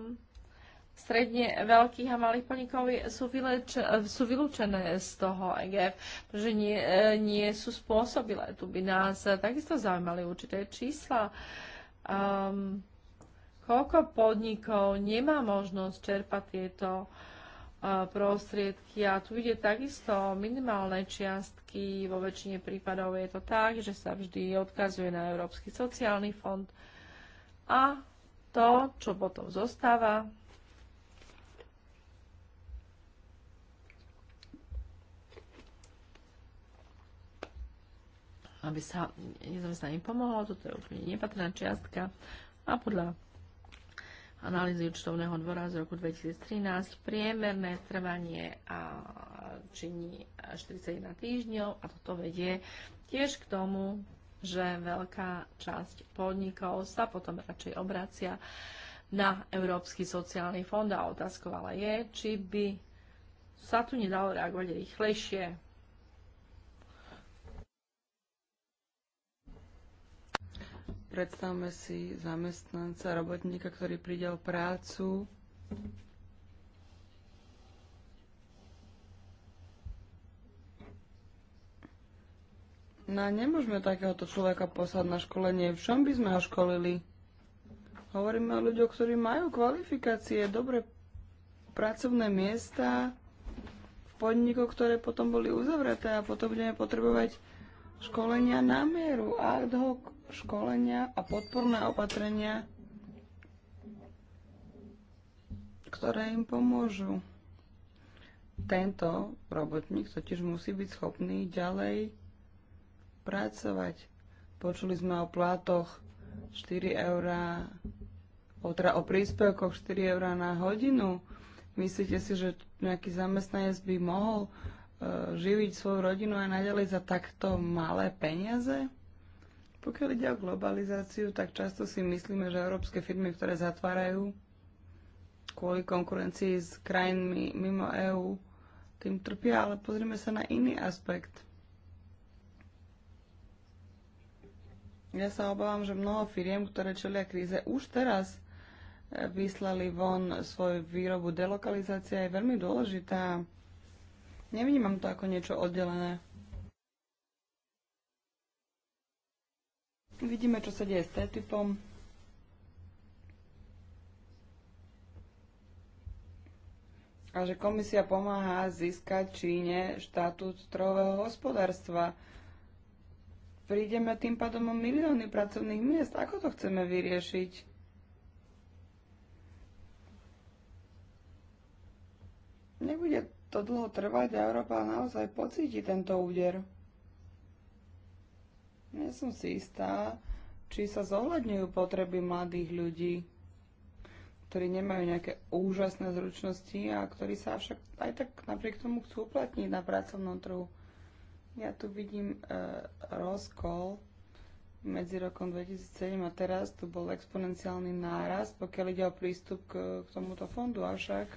stredne veľkých a malých podnikov sú, vyleč, sú vylúčené z toho EGF, pretože nie, nie sú spôsobilé. Tu by nás takisto zaujímali určité čísla. Um, koľko podnikov nemá možnosť čerpať tieto uh, E, prostriedky a tu ide takisto o minimálne čiastky. Vo väčšine prípadov je to tak, že sa vždy odkazuje na Európsky sociálny fond a to, čo potom zostáva, aby sa nezamestnaním pomohlo, toto je úplne nepatrná čiastka a podľa analýzy účtovného dvora z roku 2013 priemerné trvanie a činí 41 týždňov a toto vedie tiež k tomu, že veľká časť podnikov sa potom radšej obracia na Európsky sociálny fond a otázkovala je, či by sa tu nedalo reagovať rýchlejšie. Predstavme si zamestnanca, robotníka, ktorý príde o prácu. No a nemôžeme takéhoto človeka poslať na školenie. V čom by sme ho školili? Hovoríme o ľuďoch, ktorí majú kvalifikácie, dobre pracovné miesta v podnikoch, ktoré potom boli uzavreté a potom budeme potrebovať školenia na mieru, ad hoc, školenia a podporné opatrenia, ktoré im pomôžu. Tento robotník totiž musí byť schopný ďalej pracovať. Počuli sme o plátoch 4 eurá, o, teda o príspevkoch 4 eurá na hodinu. Myslíte si, že nejaký zamestnanec by mohol uh, živiť svoju rodinu aj naďalej za takto malé peniaze? Pokiaľ ide o globalizáciu, tak často si myslíme, že európske firmy, ktoré zatvárajú kvôli konkurencii s krajinami mimo EÚ, tým trpia, ale pozrieme sa na iný aspekt. Ja sa obávam, že mnoho firiem, ktoré čelia kríze, už teraz e, vyslali von svoju výrobu. Delokalizácia je veľmi dôležitá. Nevnímam to ako niečo oddelené. Vidíme, čo sa deje s T-typom. A že komisia pomáha získať Číne štatút trhového hospodárstva. Prídeme tým pádom o milióny pracovných miest. Ako to chceme vyriešiť? Nebude to dlho trvať a Európa naozaj pocíti tento úder. Nie som si istá, či sa zohľadňujú potreby mladých ľudí, ktorí nemajú nejaké úžasné zručnosti a ktorí sa však aj tak napriek tomu chcú uplatniť na pracovnom trhu. Ja tu vidím e, rozkol medzi rokom 2007 a teraz tu bol exponenciálny náraz, pokiaľ ide o prístup k, k tomuto fondu. Avšak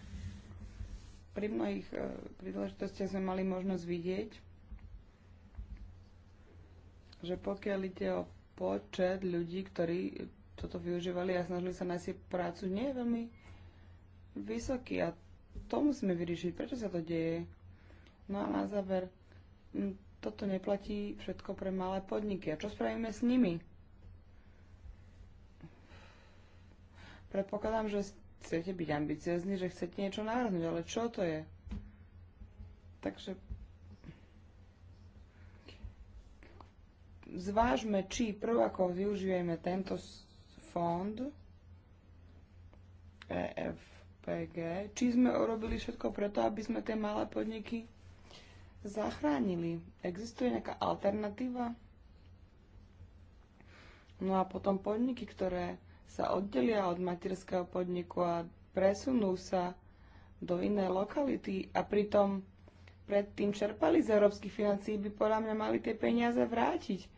pri mnohých e, príležitostiach sme mali možnosť vidieť, že pokiaľ ide o počet ľudí, ktorí toto využívali a snažili sa nájsť prácu, nie je veľmi vysoký a to musíme vyriešiť, prečo sa to deje. No a na záver, toto neplatí všetko pre malé podniky. A čo spravíme s nimi? Predpokladám, že chcete byť ambiciozni, že chcete niečo navrhnúť, ale čo to je? Takže zvážme, či prv ako využijeme tento fond EFPG, či sme urobili všetko preto, aby sme tie malé podniky zachránili. Existuje nejaká alternatíva? No a potom podniky, ktoré sa oddelia od materského podniku a presunú sa do inej lokality a pritom predtým čerpali z európskych financií, by podľa mňa mali tie peniaze vrátiť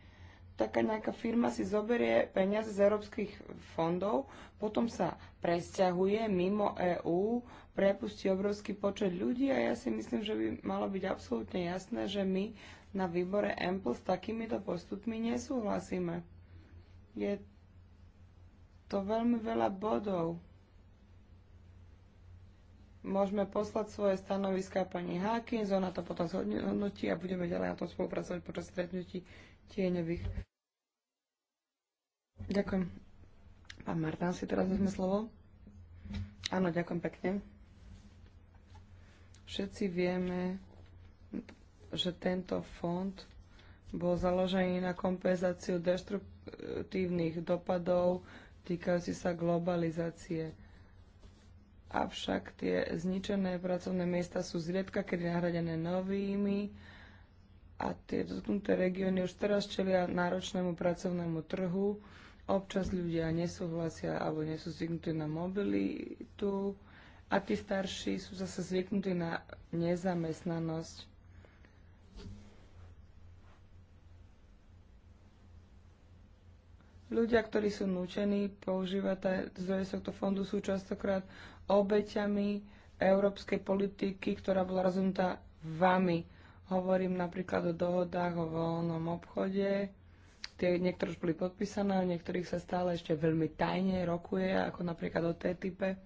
taká nejaká firma si zoberie peniaze z európskych fondov, potom sa presťahuje mimo EÚ, prepustí obrovský počet ľudí a ja si myslím, že by malo byť absolútne jasné, že my na výbore EMPL s takýmito postupmi nesúhlasíme. Je to veľmi veľa bodov. Môžeme poslať svoje stanoviská pani Hákins, ona to potom zhodnotí a budeme ďalej na tom spolupracovať počas stretnutí tieňových. Ďakujem. Pán Martán si teraz vezme slovo. Áno, ďakujem pekne. Všetci vieme, že tento fond bol založený na kompenzáciu deštruktívnych dopadov týkajúci sa globalizácie. Avšak tie zničené pracovné miesta sú zriedka, kedy nahradené novými a tie dotknuté regióny už teraz čelia náročnému pracovnému trhu. Občas ľudia nesúhlasia alebo nie sú zvyknutí na mobilitu a tí starší sú zase zvyknutí na nezamestnanosť. Ľudia, ktorí sú nútení používať zdroje z tohto fondu, sú častokrát obeťami európskej politiky, ktorá bola rozhodnutá vami Hovorím napríklad o dohodách o voľnom obchode. Tie niektoré už boli podpísané, o niektorých sa stále ešte veľmi tajne rokuje, ako napríklad o TTIP,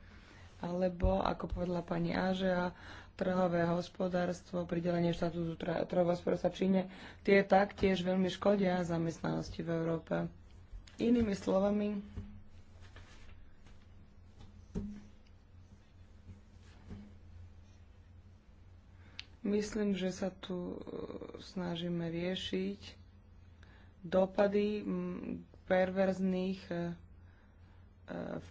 alebo, ako povedala pani Ážea, trhové hospodárstvo, pridelenie štatútu trhového hospodárstva Číne, tie taktiež veľmi škodia zamestnanosti v Európe. Inými slovami, Myslím, že sa tu e, snažíme riešiť dopady perverzných e, e,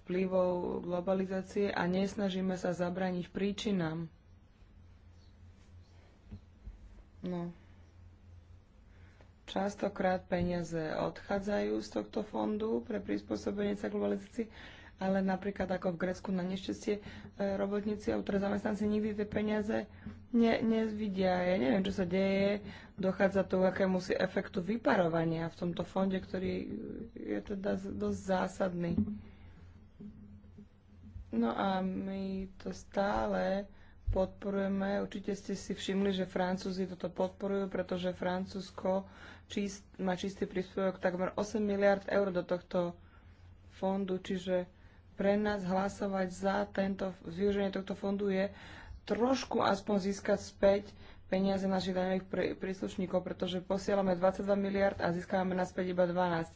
vplyvov globalizácie a nesnažíme sa zabraniť príčinám. No. Častokrát peniaze odchádzajú z tohto fondu pre prispôsobenie sa globalizácii ale napríklad ako v Grécku na nešťastie e, robotníci a teraz zamestnanci nikdy tie peniaze ne, nezvidia. Ja neviem, čo sa deje, dochádza tu k akémusi efektu vyparovania v tomto fonde, ktorý je teda dosť zásadný. No a my to stále podporujeme. Určite ste si všimli, že Francúzi toto podporujú, pretože Francúzsko čist, má čistý príspevok takmer 8 miliard eur do tohto fondu, čiže pre nás hlasovať za tento, využenie tohto fondu je trošku aspoň získať späť peniaze našich daňových príslušníkov, pretože posielame 22 miliard a získavame naspäť iba 12.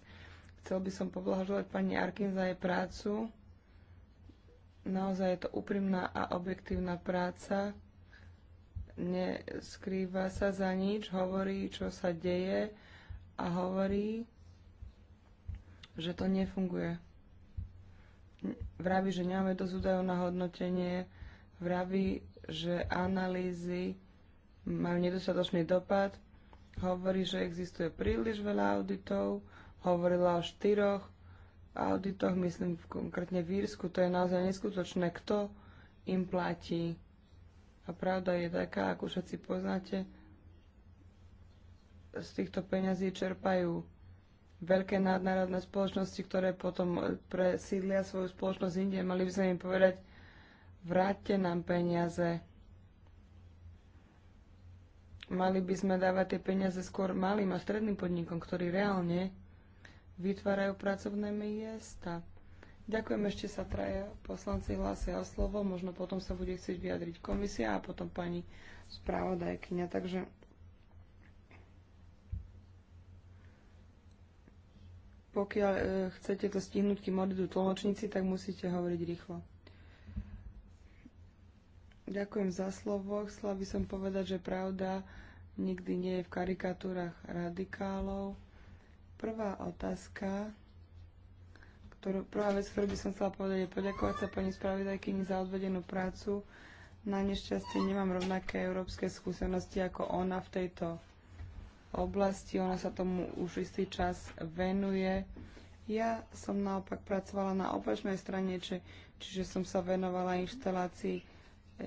Chcel by som poblahožovať pani Arkin za jej prácu. Naozaj je to úprimná a objektívna práca. Neskrýva sa za nič, hovorí, čo sa deje a hovorí, že to nefunguje vraví, že nemáme dosť údajov na hodnotenie, vraví, že analýzy majú nedostatočný dopad, hovorí, že existuje príliš veľa auditov, hovorila o štyroch auditoch, myslím konkrétne v Írsku, to je naozaj neskutočné, kto im platí. A pravda je taká, ako všetci poznáte, z týchto peňazí čerpajú veľké nadnárodné spoločnosti, ktoré potom eh, presídlia svoju spoločnosť inde, mali by sme im povedať, vráťte nám peniaze. Mali by sme dávať tie peniaze skôr malým a stredným podnikom, ktorí reálne vytvárajú pracovné miesta. Ďakujem, ešte sa traja poslanci hlasia o slovo, možno potom sa bude chcieť vyjadriť komisia a potom pani správodajkyňa. Takže Pokiaľ e, chcete to stihnúť, kým odídu tlmočníci, tak musíte hovoriť rýchlo. Ďakujem za slovo. Chcela by som povedať, že pravda nikdy nie je v karikatúrach radikálov. Prvá otázka ktorú, prvá vec, ktorú by som chcela povedať, je poďakovať sa pani spravodajkyni za odvedenú prácu. Na nešťastie nemám rovnaké európske skúsenosti ako ona v tejto oblasti, ona sa tomu už istý čas venuje. Ja som naopak pracovala na opačnej strane, či, čiže som sa venovala inštalácii e,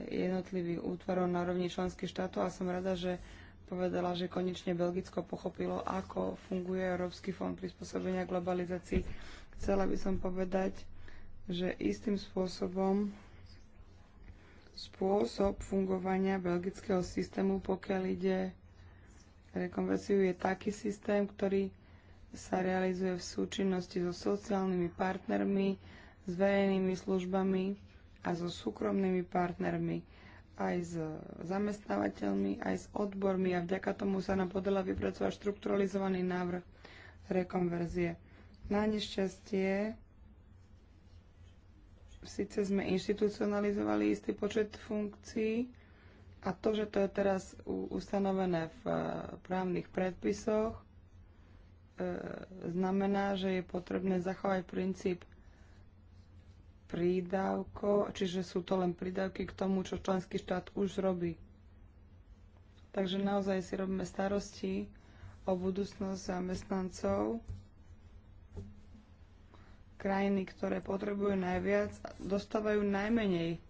jednotlivých útvarov na rovni členských štátov a som rada, že povedala, že konečne Belgicko pochopilo, ako funguje Európsky fond prispôsobenia globalizácii. Chcela by som povedať, že istým spôsobom spôsob fungovania belgického systému, pokiaľ ide Rekonverziu je taký systém, ktorý sa realizuje v súčinnosti so sociálnymi partnermi, s verejnými službami a so súkromnými partnermi, aj s zamestnávateľmi, aj s odbormi a vďaka tomu sa nám podala vypracovať štrukturalizovaný návrh rekonverzie. Na nešťastie síce sme inštitucionalizovali istý počet funkcií, a to, že to je teraz ustanovené v eh, právnych predpisoch, eh, znamená, že je potrebné zachovať princíp prídavkov, čiže sú to len prídavky k tomu, čo členský štát už robí. Takže naozaj si robíme starosti o budúcnosť zamestnancov krajiny, ktoré potrebujú najviac, dostávajú najmenej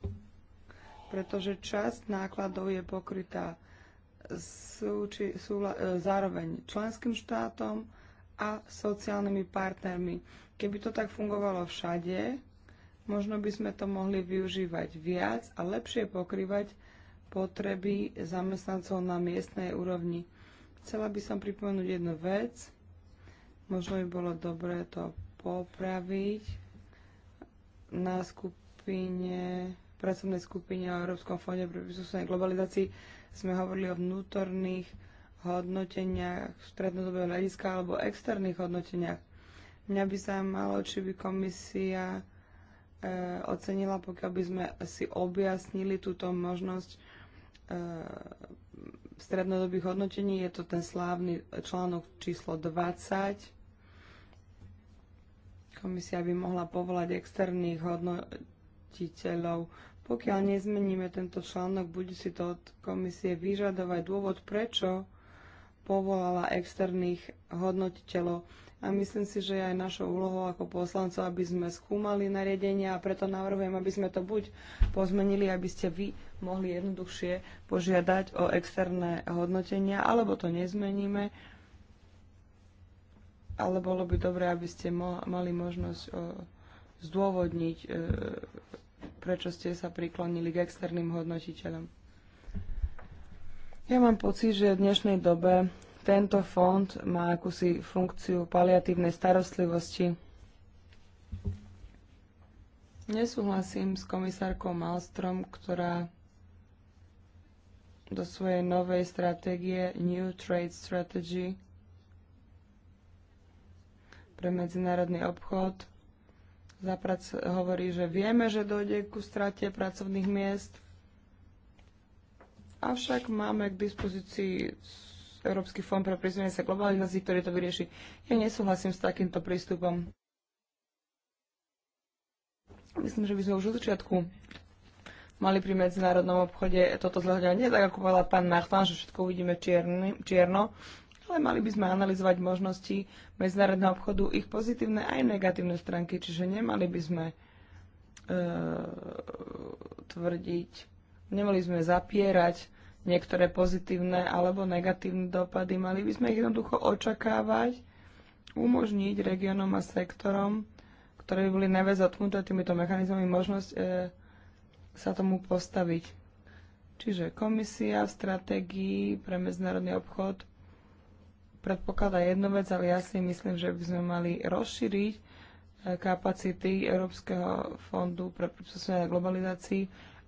pretože časť nákladov je pokrytá sú, e, zároveň členským štátom a sociálnymi partnermi. Keby to tak fungovalo všade, možno by sme to mohli využívať viac a lepšie pokrývať potreby zamestnancov na miestnej úrovni. Chcela by som pripomenúť jednu vec. Možno by bolo dobré to popraviť na skupine pracovnej skupine o Európskom fonde pre vysúsenie globalizácii sme hovorili o vnútorných hodnoteniach strednodobého hľadiska alebo externých hodnoteniach. Mňa by sa malo, či by komisia e, ocenila, pokiaľ by sme si objasnili túto možnosť e, strednodobých hodnotení. Je to ten slávny článok číslo 20 komisia by mohla povolať externých hodnotiteľov pokiaľ nezmeníme tento článok, bude si to od komisie vyžadovať dôvod, prečo povolala externých hodnotiteľov. A myslím si, že je aj našou úlohou ako poslancov, aby sme skúmali nariadenia a preto navrhujem, aby sme to buď pozmenili, aby ste vy mohli jednoduchšie požiadať o externé hodnotenia, alebo to nezmeníme, ale bolo by dobré, aby ste mali možnosť zdôvodniť e, prečo ste sa priklonili k externým hodnotiteľom. Ja mám pocit, že v dnešnej dobe tento fond má akúsi funkciu paliatívnej starostlivosti. Nesúhlasím s komisárkou Malstrom, ktorá do svojej novej stratégie New Trade Strategy pre medzinárodný obchod zaprac- hovorí, že vieme, že dojde ku strate pracovných miest, avšak máme k dispozícii Európsky fond pre prizmenie sa globalizácii, ktorý to vyrieši. Ja nesúhlasím s takýmto prístupom. Myslím, že by sme už od začiatku mali pri medzinárodnom obchode toto zľadňovať. Nie tak, ako povedala pán Nachtan, že všetko uvidíme čierny, čierno, ale mali by sme analyzovať možnosti medzinárodného obchodu, ich pozitívne aj negatívne stránky, čiže nemali by sme e, tvrdiť, nemali by sme zapierať niektoré pozitívne alebo negatívne dopady, mali by sme ich jednoducho očakávať, umožniť regiónom a sektorom, ktoré by boli najviac zatknuté týmito mechanizmami, možnosť e, sa tomu postaviť. Čiže komisia stratégii pre medzinárodný obchod predpokladá jednu vec, ale ja si myslím, že by sme mali rozšíriť e, kapacity Európskeho fondu pre prispôsobenie globalizácii,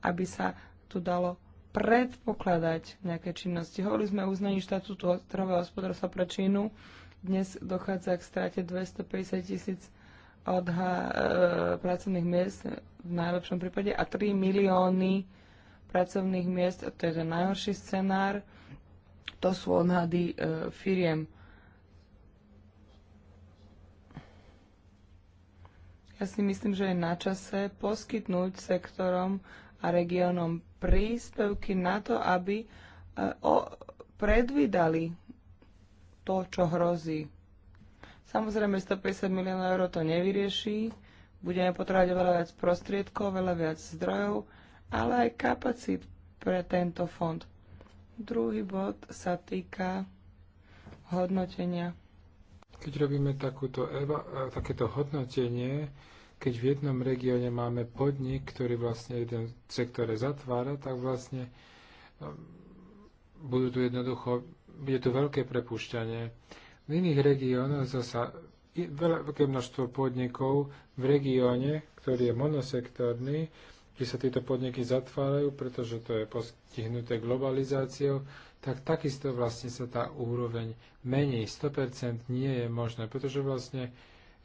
aby sa tu dalo predpokladať nejaké činnosti. Hovorili sme o uznaní štatútu trhového hospodárstva pre Čínu. Dnes dochádza k strate 250 tisíc odha- e, pracovných miest v najlepšom prípade a 3 milióny pracovných miest, to je ten najhorší scenár, to sú odhady e, firiem. Ja si myslím, že je na čase poskytnúť sektorom a regiónom príspevky na to, aby e, o, predvídali to, čo hrozí. Samozrejme, 150 miliónov eur to nevyrieši, budeme potrebovať veľa viac prostriedkov, veľa viac zdrojov, ale aj kapacít pre tento fond. Druhý bod sa týka hodnotenia. Keď robíme takúto eva, takéto hodnotenie, keď v jednom regióne máme podnik, ktorý vlastne jeden sektore zatvára, tak vlastne um, budú tu jednoducho, bude tu veľké prepušťanie. V iných regiónoch zasa veľké množstvo podnikov v regióne, ktorý je monosektorný, že sa tieto podniky zatvárajú, pretože to je postihnuté globalizáciou, tak takisto vlastne sa tá úroveň mení. 100% nie je možné, pretože vlastne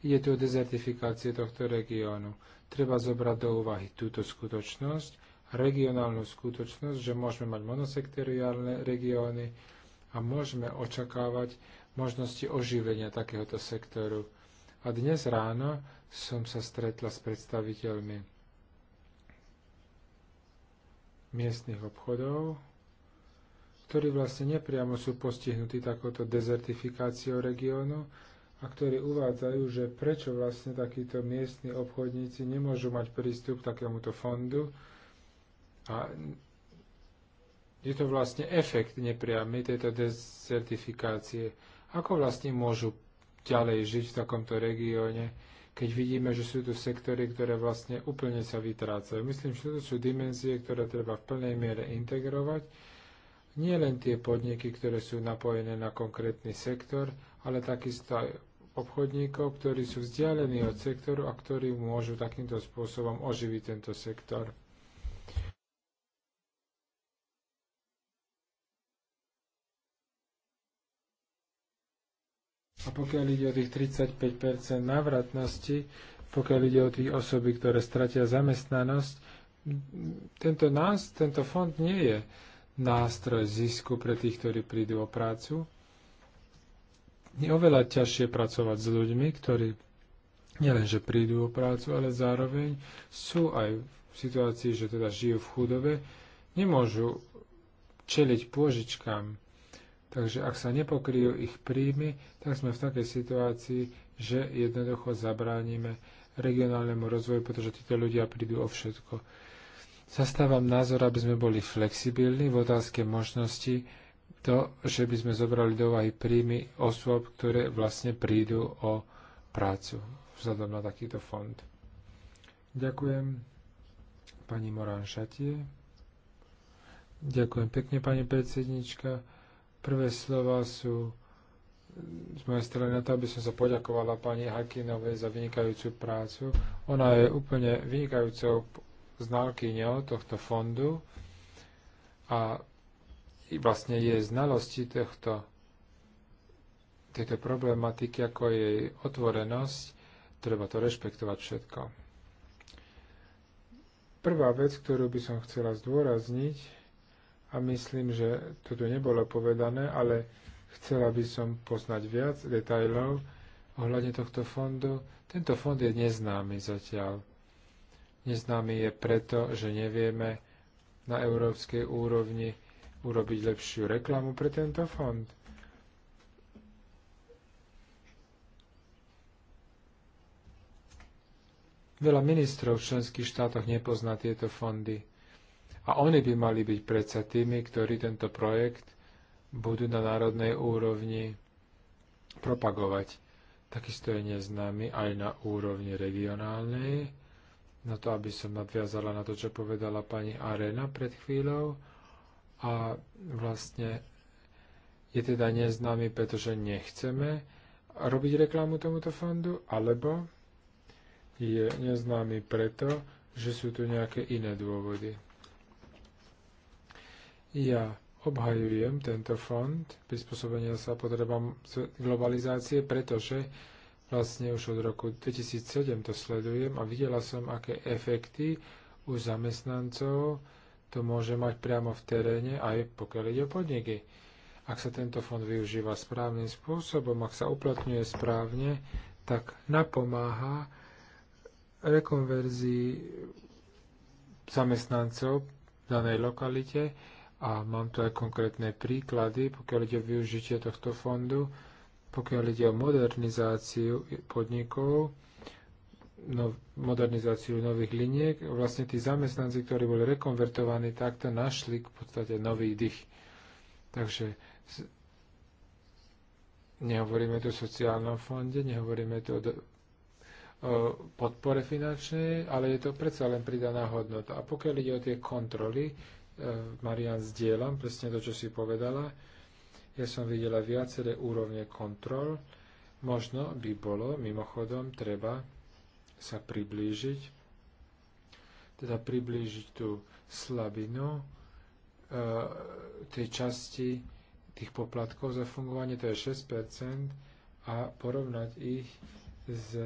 je tu dezertifikácie tohto regiónu. Treba zobrať do úvahy túto skutočnosť, regionálnu skutočnosť, že môžeme mať monosektoriálne regióny a môžeme očakávať možnosti oživenia takéhoto sektoru. A dnes ráno som sa stretla s predstaviteľmi miestnych obchodov, ktorí vlastne nepriamo sú postihnutí takouto dezertifikáciou regiónu a ktorí uvádzajú, že prečo vlastne takíto miestni obchodníci nemôžu mať prístup k takémuto fondu. A je to vlastne efekt nepriamy tejto dezertifikácie. Ako vlastne môžu ďalej žiť v takomto regióne, keď vidíme, že sú tu sektory, ktoré vlastne úplne sa vytrácajú. Myslím, že to sú dimenzie, ktoré treba v plnej miere integrovať. Nie len tie podniky, ktoré sú napojené na konkrétny sektor, ale takisto aj obchodníkov, ktorí sú vzdialení od sektoru a ktorí môžu takýmto spôsobom oživiť tento sektor. A pokiaľ ide o tých 35 návratnosti, pokiaľ ide o tých osoby, ktoré stratia zamestnanosť, tento, nás, tento fond nie je nástroj zisku pre tých, ktorí prídu o prácu. Je oveľa ťažšie pracovať s ľuďmi, ktorí nielenže prídu o prácu, ale zároveň sú aj v situácii, že teda žijú v chudobe, nemôžu čeliť pôžičkám, Takže ak sa nepokryjú ich príjmy, tak sme v takej situácii, že jednoducho zabránime regionálnemu rozvoju, pretože títo ľudia prídu o všetko. Zastávam názor, aby sme boli flexibilní v otázke možnosti to, že by sme zobrali do úvahy príjmy osôb, ktoré vlastne prídu o prácu vzhľadom na takýto fond. Ďakujem pani Morán Šatie. Ďakujem pekne, pani predsednička. Prvé slova sú mm, z mojej strany na to, aby som sa poďakovala pani Hakinovej za vynikajúcu prácu. Ona je úplne vynikajúcou znalkyňou tohto fondu a vlastne jej znalosti tohto, tejto problematiky, ako jej otvorenosť, treba to rešpektovať všetko. Prvá vec, ktorú by som chcela zdôrazniť, a myslím, že toto nebolo povedané, ale chcela by som poznať viac detajlov ohľadne tohto fondu. Tento fond je neznámy zatiaľ. Neznámy je preto, že nevieme na európskej úrovni urobiť lepšiu reklamu pre tento fond. Veľa ministrov v členských štátoch nepozná tieto fondy. A oni by mali byť predsa tými, ktorí tento projekt budú na národnej úrovni propagovať. Takisto je neznámy aj na úrovni regionálnej. Na to, aby som nadviazala na to, čo povedala pani Arena pred chvíľou. A vlastne je teda neznámy, pretože nechceme robiť reklamu tomuto fondu, alebo je neznámy preto, že sú tu nejaké iné dôvody. Ja obhajujem tento fond prispôsobenia sa potrebám globalizácie, pretože vlastne už od roku 2007 to sledujem a videla som, aké efekty u zamestnancov to môže mať priamo v teréne, aj pokiaľ ide o podniky. Ak sa tento fond využíva správnym spôsobom, ak sa uplatňuje správne, tak napomáha rekonverzii zamestnancov v danej lokalite, a mám tu aj konkrétne príklady, pokiaľ ide o využitie tohto fondu, pokiaľ ide o modernizáciu podnikov, no, modernizáciu nových liniek. Vlastne tí zamestnanci, ktorí boli rekonvertovaní, takto našli v podstate nový dých. Takže nehovoríme tu o sociálnom fonde, nehovoríme tu o podpore finančnej, ale je to predsa len pridaná hodnota. A pokiaľ ide o tie kontroly, e, Marian zdieľam presne to, čo si povedala. Ja som videla viaceré úrovne kontrol. Možno by bolo, mimochodom, treba sa priblížiť, teda priblížiť tú slabinu e, tej časti tých poplatkov za fungovanie, to je 6%, a porovnať ich s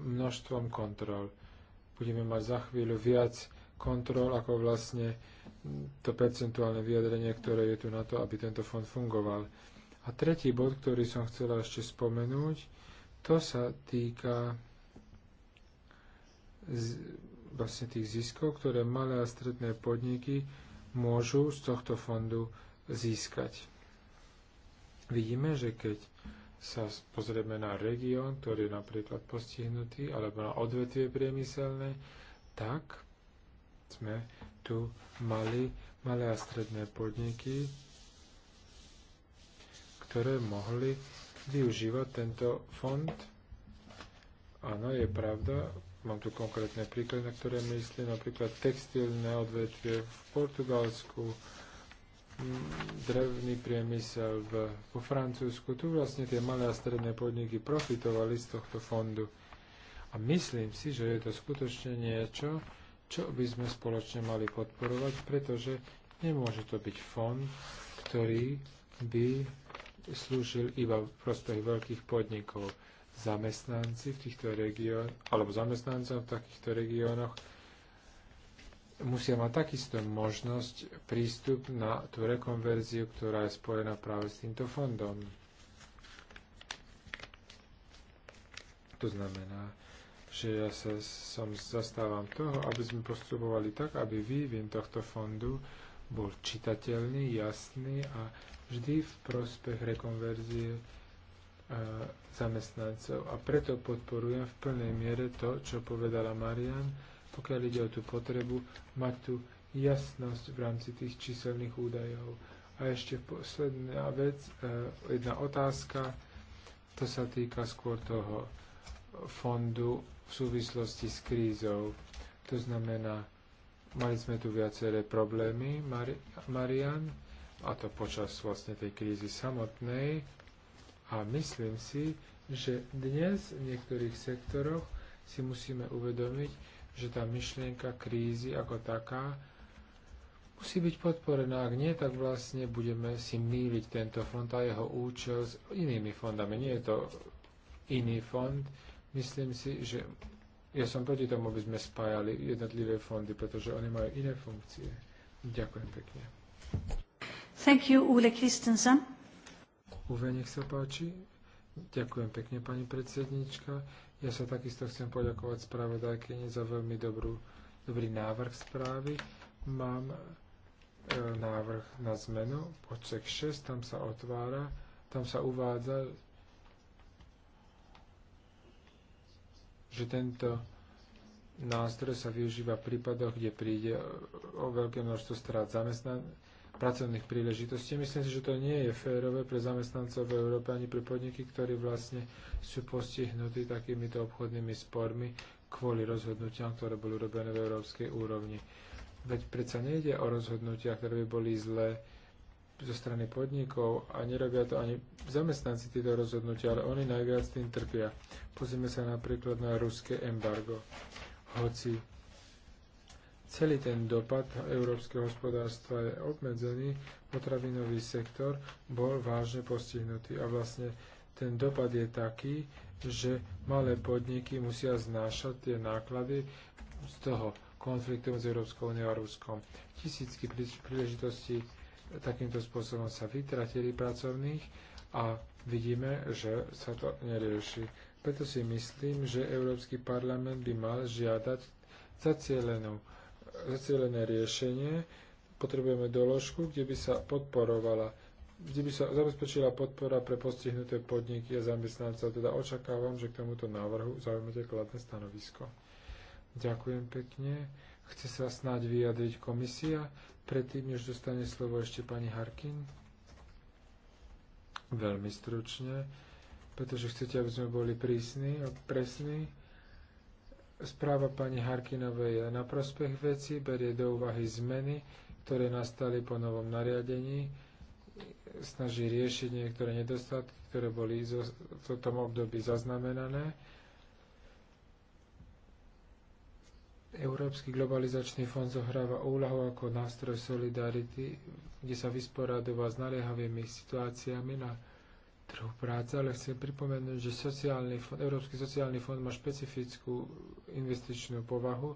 množstvom kontrol. Budeme mať za chvíľu viac kontrol, ako vlastne to percentuálne vyjadrenie, ktoré je tu na to, aby tento fond fungoval. A tretí bod, ktorý som chcela ešte spomenúť, to sa týka z, vlastne tých ziskov, ktoré malé a stredné podniky môžu z tohto fondu získať. Vidíme, že keď sa pozrieme na región, ktorý je napríklad postihnutý, alebo na odvetvie priemyselné, tak sme tu mali malé a stredné podniky, ktoré mohli využívať tento fond. Áno, je pravda, mám tu konkrétne príklady, na ktoré myslím, napríklad textilné odvetvie v Portugalsku, drevný priemysel v, po Francúzsku. Tu vlastne tie malé a stredné podniky profitovali z tohto fondu. A myslím si, že je to skutočne niečo, čo by sme spoločne mali podporovať, pretože nemôže to byť fond, ktorý by slúžil iba v prospech veľkých podnikov. Zamestnanci v týchto regiónoch, alebo zamestnancov v takýchto regiónoch musia mať takisto možnosť prístup na tú rekonverziu, ktorá je spojená práve s týmto fondom. To znamená, že ja sa som zastávam toho, aby sme postupovali tak, aby vývin tohto fondu bol čitateľný, jasný a vždy v prospech rekonverzie e, zamestnancov. A preto podporujem v plnej miere to, čo povedala Marian, pokiaľ ide o tú potrebu, mať tú jasnosť v rámci tých číselných údajov. A ešte posledná vec, eh, jedna otázka, to sa týka skôr toho fondu v súvislosti s krízou. To znamená, mali sme tu viaceré problémy, Marian, a to počas vlastne tej krízy samotnej. A myslím si, že dnes v niektorých sektoroch si musíme uvedomiť, že tá myšlienka krízy ako taká musí byť podporená. Ak nie, tak vlastne budeme si míliť tento fond a jeho účel s inými fondami. Nie je to iný fond. Myslím si, že ja som proti tomu, aby sme spájali jednotlivé fondy, pretože oni majú iné funkcie. Ďakujem pekne. Thank you, Ule Christensen. Uve, nech sa páči. Ďakujem pekne, pani predsednička. Ja sa takisto chcem poďakovať spravodajkyni za veľmi dobrú, dobrý návrh správy. Mám e, návrh na zmenu, odsek 6, tam sa otvára, tam sa uvádza, že tento nástroj sa využíva v prípadoch, kde príde o veľké množstvo strát zamestnaných pracovných príležitostí. Myslím si, že to nie je férové pre zamestnancov v Európe ani pre podniky, ktorí vlastne sú postihnutí takýmito obchodnými spormi kvôli rozhodnutiam, ktoré boli urobené v európskej úrovni. Veď predsa nejde o rozhodnutia, ktoré by boli zlé zo strany podnikov a nerobia to ani zamestnanci tieto rozhodnutia, ale oni najviac tým trpia. Pozrime sa napríklad na ruské embargo. Hoci Celý ten dopad európskeho hospodárstva je obmedzený, potravinový sektor bol vážne postihnutý a vlastne ten dopad je taký, že malé podniky musia znášať tie náklady z toho konfliktu s Európskou úniou a Ruskom. Tisícky príležitostí takýmto spôsobom sa vytratili pracovných a vidíme, že sa to nerieši. Preto si myslím, že Európsky parlament by mal žiadať zacielenú zacielené riešenie, potrebujeme doložku, kde by sa podporovala kde by sa zabezpečila podpora pre postihnuté podniky a zamestnancov. Teda očakávam, že k tomuto návrhu zaujímate kladné stanovisko. Ďakujem pekne. Chce sa snáď vyjadriť komisia. Predtým, než dostane slovo ešte pani Harkin. Veľmi stručne, pretože chcete, aby sme boli prísni a presní. Správa pani Harkinovej je na prospech veci, berie do úvahy zmeny, ktoré nastali po novom nariadení, snaží riešiť niektoré nedostatky, ktoré boli v tom období zaznamenané. Európsky globalizačný fond zohráva úlahu ako nástroj solidarity, kde sa vysporadová s naliehavými situáciami na trhu práce, ale chcem pripomenúť, že sociálny fond, Európsky sociálny fond má špecifickú investičnú povahu,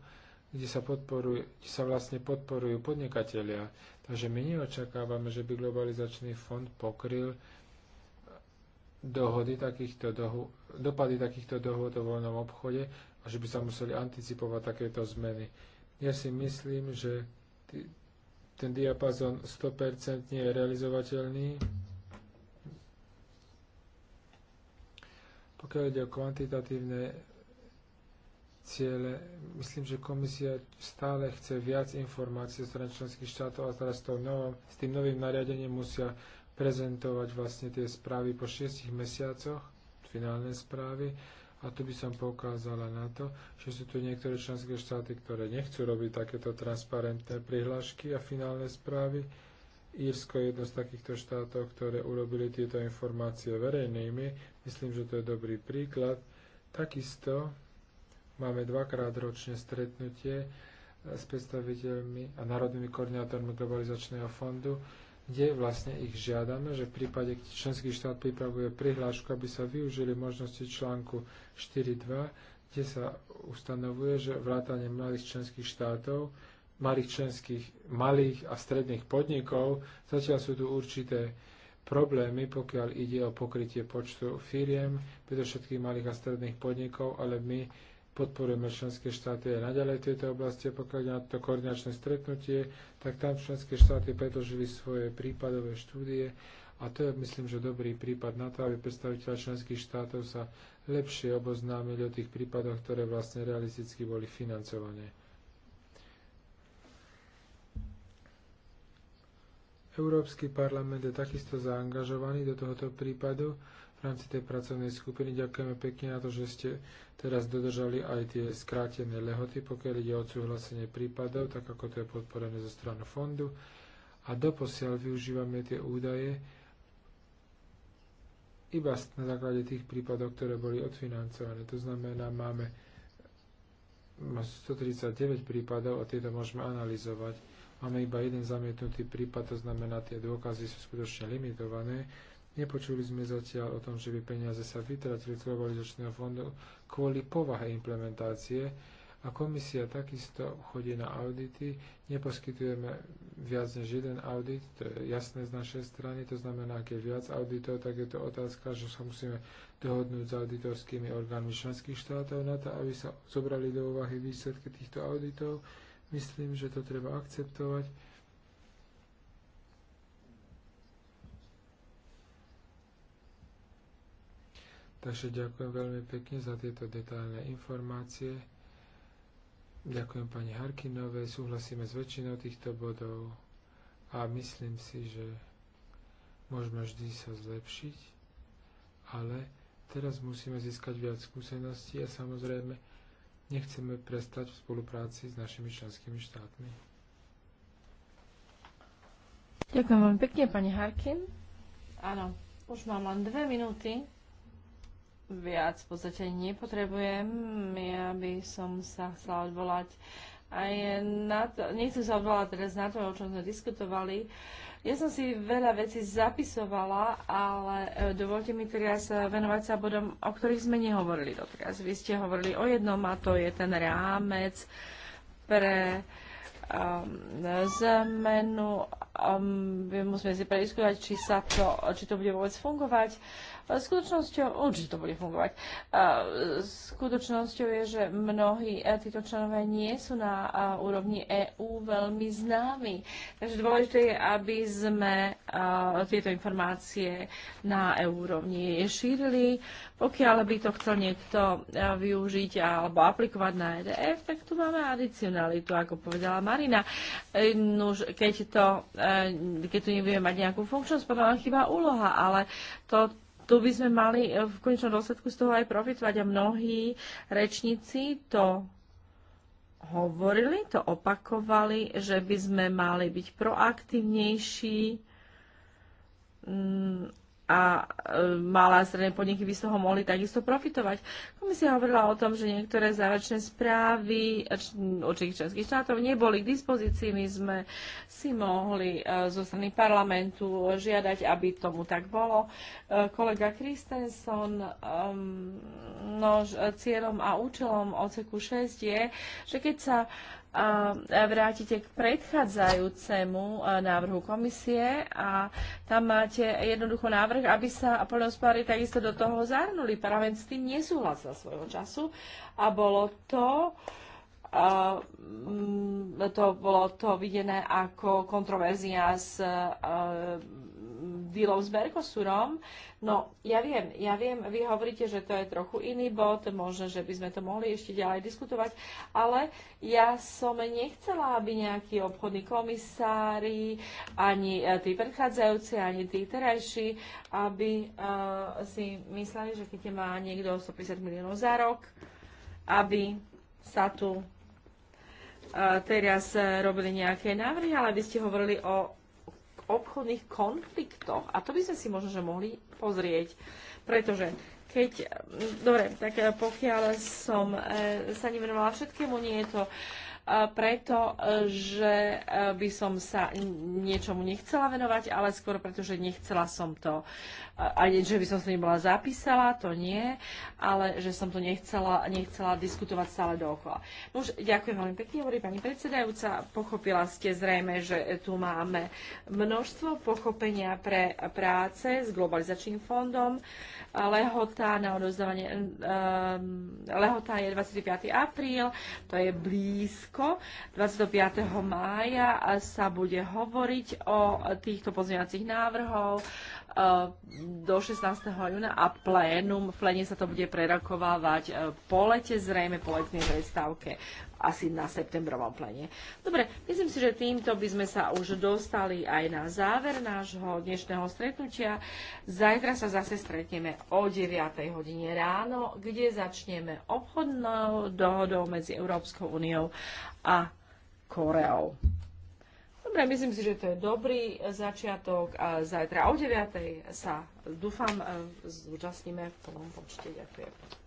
kde sa, podporuj, kde sa vlastne podporujú podnikatelia. Takže my neočakávame, že by globalizačný fond pokryl dohody takýchto dohu, dopady takýchto dohod o voľnom obchode a že by sa museli anticipovať takéto zmeny. Ja si myslím, že ten diapazon 100% nie je realizovateľný Pokiaľ ide o kvantitatívne ciele, myslím, že komisia stále chce viac informácií zo strany členských štátov a teraz novom, s tým novým nariadením musia prezentovať vlastne tie správy po šiestich mesiacoch, finálne správy. A tu by som poukázala na to, že sú tu niektoré členské štáty, ktoré nechcú robiť takéto transparentné prihlášky a finálne správy Írsko je jedno z takýchto štátov, ktoré urobili tieto informácie verejnými. Myslím, že to je dobrý príklad. Takisto máme dvakrát ročne stretnutie e, s predstaviteľmi a národnými koordinátormi globalizačného fondu, kde vlastne ich žiadame, že v prípade, keď členský štát pripravuje prihlášku, aby sa využili možnosti článku 4.2, kde sa ustanovuje, že vrátanie mladých členských štátov malých členských, malých a stredných podnikov. Zatiaľ sú tu určité problémy, pokiaľ ide o pokrytie počtu firiem, všetkých malých a stredných podnikov, ale my podporujeme členské štáty aj naďalej v tejto oblasti, pokiaľ na to koordinačné stretnutie, tak tam členské štáty predložili svoje prípadové štúdie a to je, myslím, že dobrý prípad na to, aby predstaviteľ členských štátov sa lepšie oboznámili o tých prípadoch, ktoré vlastne realisticky boli financované. Európsky parlament je takisto zaangažovaný do tohoto prípadu v rámci tej pracovnej skupiny. Ďakujeme pekne na to, že ste teraz dodržali aj tie skrátené lehoty, pokiaľ ide o súhlasenie prípadov, tak ako to je podporené zo strany fondu. A doposiaľ využívame tie údaje iba na základe tých prípadov, ktoré boli odfinancované. To znamená, máme 139 prípadov a tieto môžeme analyzovať Máme iba jeden zamietnutý prípad, to znamená, tie dôkazy sú skutočne limitované. Nepočuli sme zatiaľ o tom, že by peniaze sa vytratili z globalizačného fondu kvôli povahe implementácie a komisia takisto chodí na audity. Neposkytujeme viac než jeden audit, to je jasné z našej strany, to znamená, keď je viac auditov, tak je to otázka, že sa musíme dohodnúť s auditorskými orgánmi členských štátov na to, aby sa zobrali do úvahy výsledky týchto auditov Myslím, že to treba akceptovať. Takže ďakujem veľmi pekne za tieto detailné informácie. Ďakujem pani Harkinovej, súhlasíme s väčšinou týchto bodov a myslím si, že môžeme vždy sa zlepšiť, ale teraz musíme získať viac skúseností a samozrejme nechceme prestať v spolupráci s našimi členskými štátmi. Ďakujem veľmi pekne, pani Harkin. Áno, už mám len dve minúty. Viac v podstate nepotrebujem. Ja by som sa chcela odvolať aj na to, nechcem sa odvolať teraz na to, o čom sme diskutovali. Uh, ja som si veľa vecí zapisovala, ale e, dovolte mi teraz e, venovať sa bodom, o ktorých sme nehovorili doteraz. Vy ste hovorili o jednom a to je ten rámec pre um, zmenu. Um, musíme si prediskutovať, či, sa to, či to bude vôbec fungovať. Skutočnosťou určite to bude fungovať. Skutočnosťou je, že mnohí e, títo členovia nie sú na úrovni EÚ veľmi známi. Takže dôležité je, aby sme tieto informácie na EÚ úrovni šírili. Pokiaľ by to chcel niekto e, využiť alebo aplikovať na EDF, tak tu máme adicionalitu, ako povedala Marina. E, nuž, keď, to, keď tu nebudeme mať nejakú funkčnosť, potom chýba úloha, ale to tu by sme mali e, v konečnom dôsledku z toho aj profitovať. A mnohí rečníci to hovorili, to opakovali, že by sme mali byť proaktívnejší mm, a e, malé a stredné podniky by z toho mohli takisto profitovať. Komisia hovorila o tom, že niektoré záverečné správy e, určitých členských štátov neboli k dispozícii. My sme si mohli e, zo strany parlamentu žiadať, aby tomu tak bolo. Kolega Kristenson, no, cieľom a účelom oceku 6 je, že keď sa vrátite k predchádzajúcemu e, návrhu komisie a tam máte jednoducho návrh, aby sa poľnohospodári takisto do toho zahrnuli. Parlament s tým nesúhlasil svojho času a bolo to a, mm, to bolo to videné ako kontroverzia s e, dealov s Mercosurom. No, ja viem, ja viem, vy hovoríte, že to je trochu iný bod, možno, že by sme to mohli ešte ďalej diskutovať, ale ja som nechcela, aby nejakí obchodní komisári, ani e, tí predchádzajúci, ani tí terajší, aby uh, si mysleli, že keď má niekto 150 miliónov za rok, aby sa tu e, teraz robili nejaké návrhy, ale vy ste hovorili o obchodných konfliktoch. A to by sme si možno, že mohli pozrieť, pretože keď, dobre, tak pokiaľ som eh, sa nevenovala všetkému, nie je to E, preto, e, že e, by som sa niečomu nechcela venovať, ale skôr preto, že nechcela som to, a že by som sa nebola zapísala, to nie, ale že som to nechcela, nechcela diskutovať stále dookola. No už ďakujem veľmi pekne, hovorí pani predsedajúca. Pochopila ste zrejme, že tu máme množstvo pochopenia pre práce s globalizačným fondom. Lehota na odozdávanie, lehota je 25. apríl, to je blízko Slovensko. 25. mája sa bude hovoriť o týchto pozmeňovacích návrhoch. Eh, do 16. júna a plénum, v pléne sa to bude prerakovávať eh, po lete, zrejme po letnej predstavke asi na septembrovom plene. Dobre, myslím si, že týmto by sme sa už dostali aj na záver nášho dnešného stretnutia. Zajtra sa zase stretneme o 9. hodine ráno, kde začneme obchodnou dohodou medzi Európskou úniou a Koreou. Dobre, myslím si, že to je dobrý začiatok. A zajtra o 9.00 sa, dúfam, e, zúčastníme v plnom počte. Ďakujem.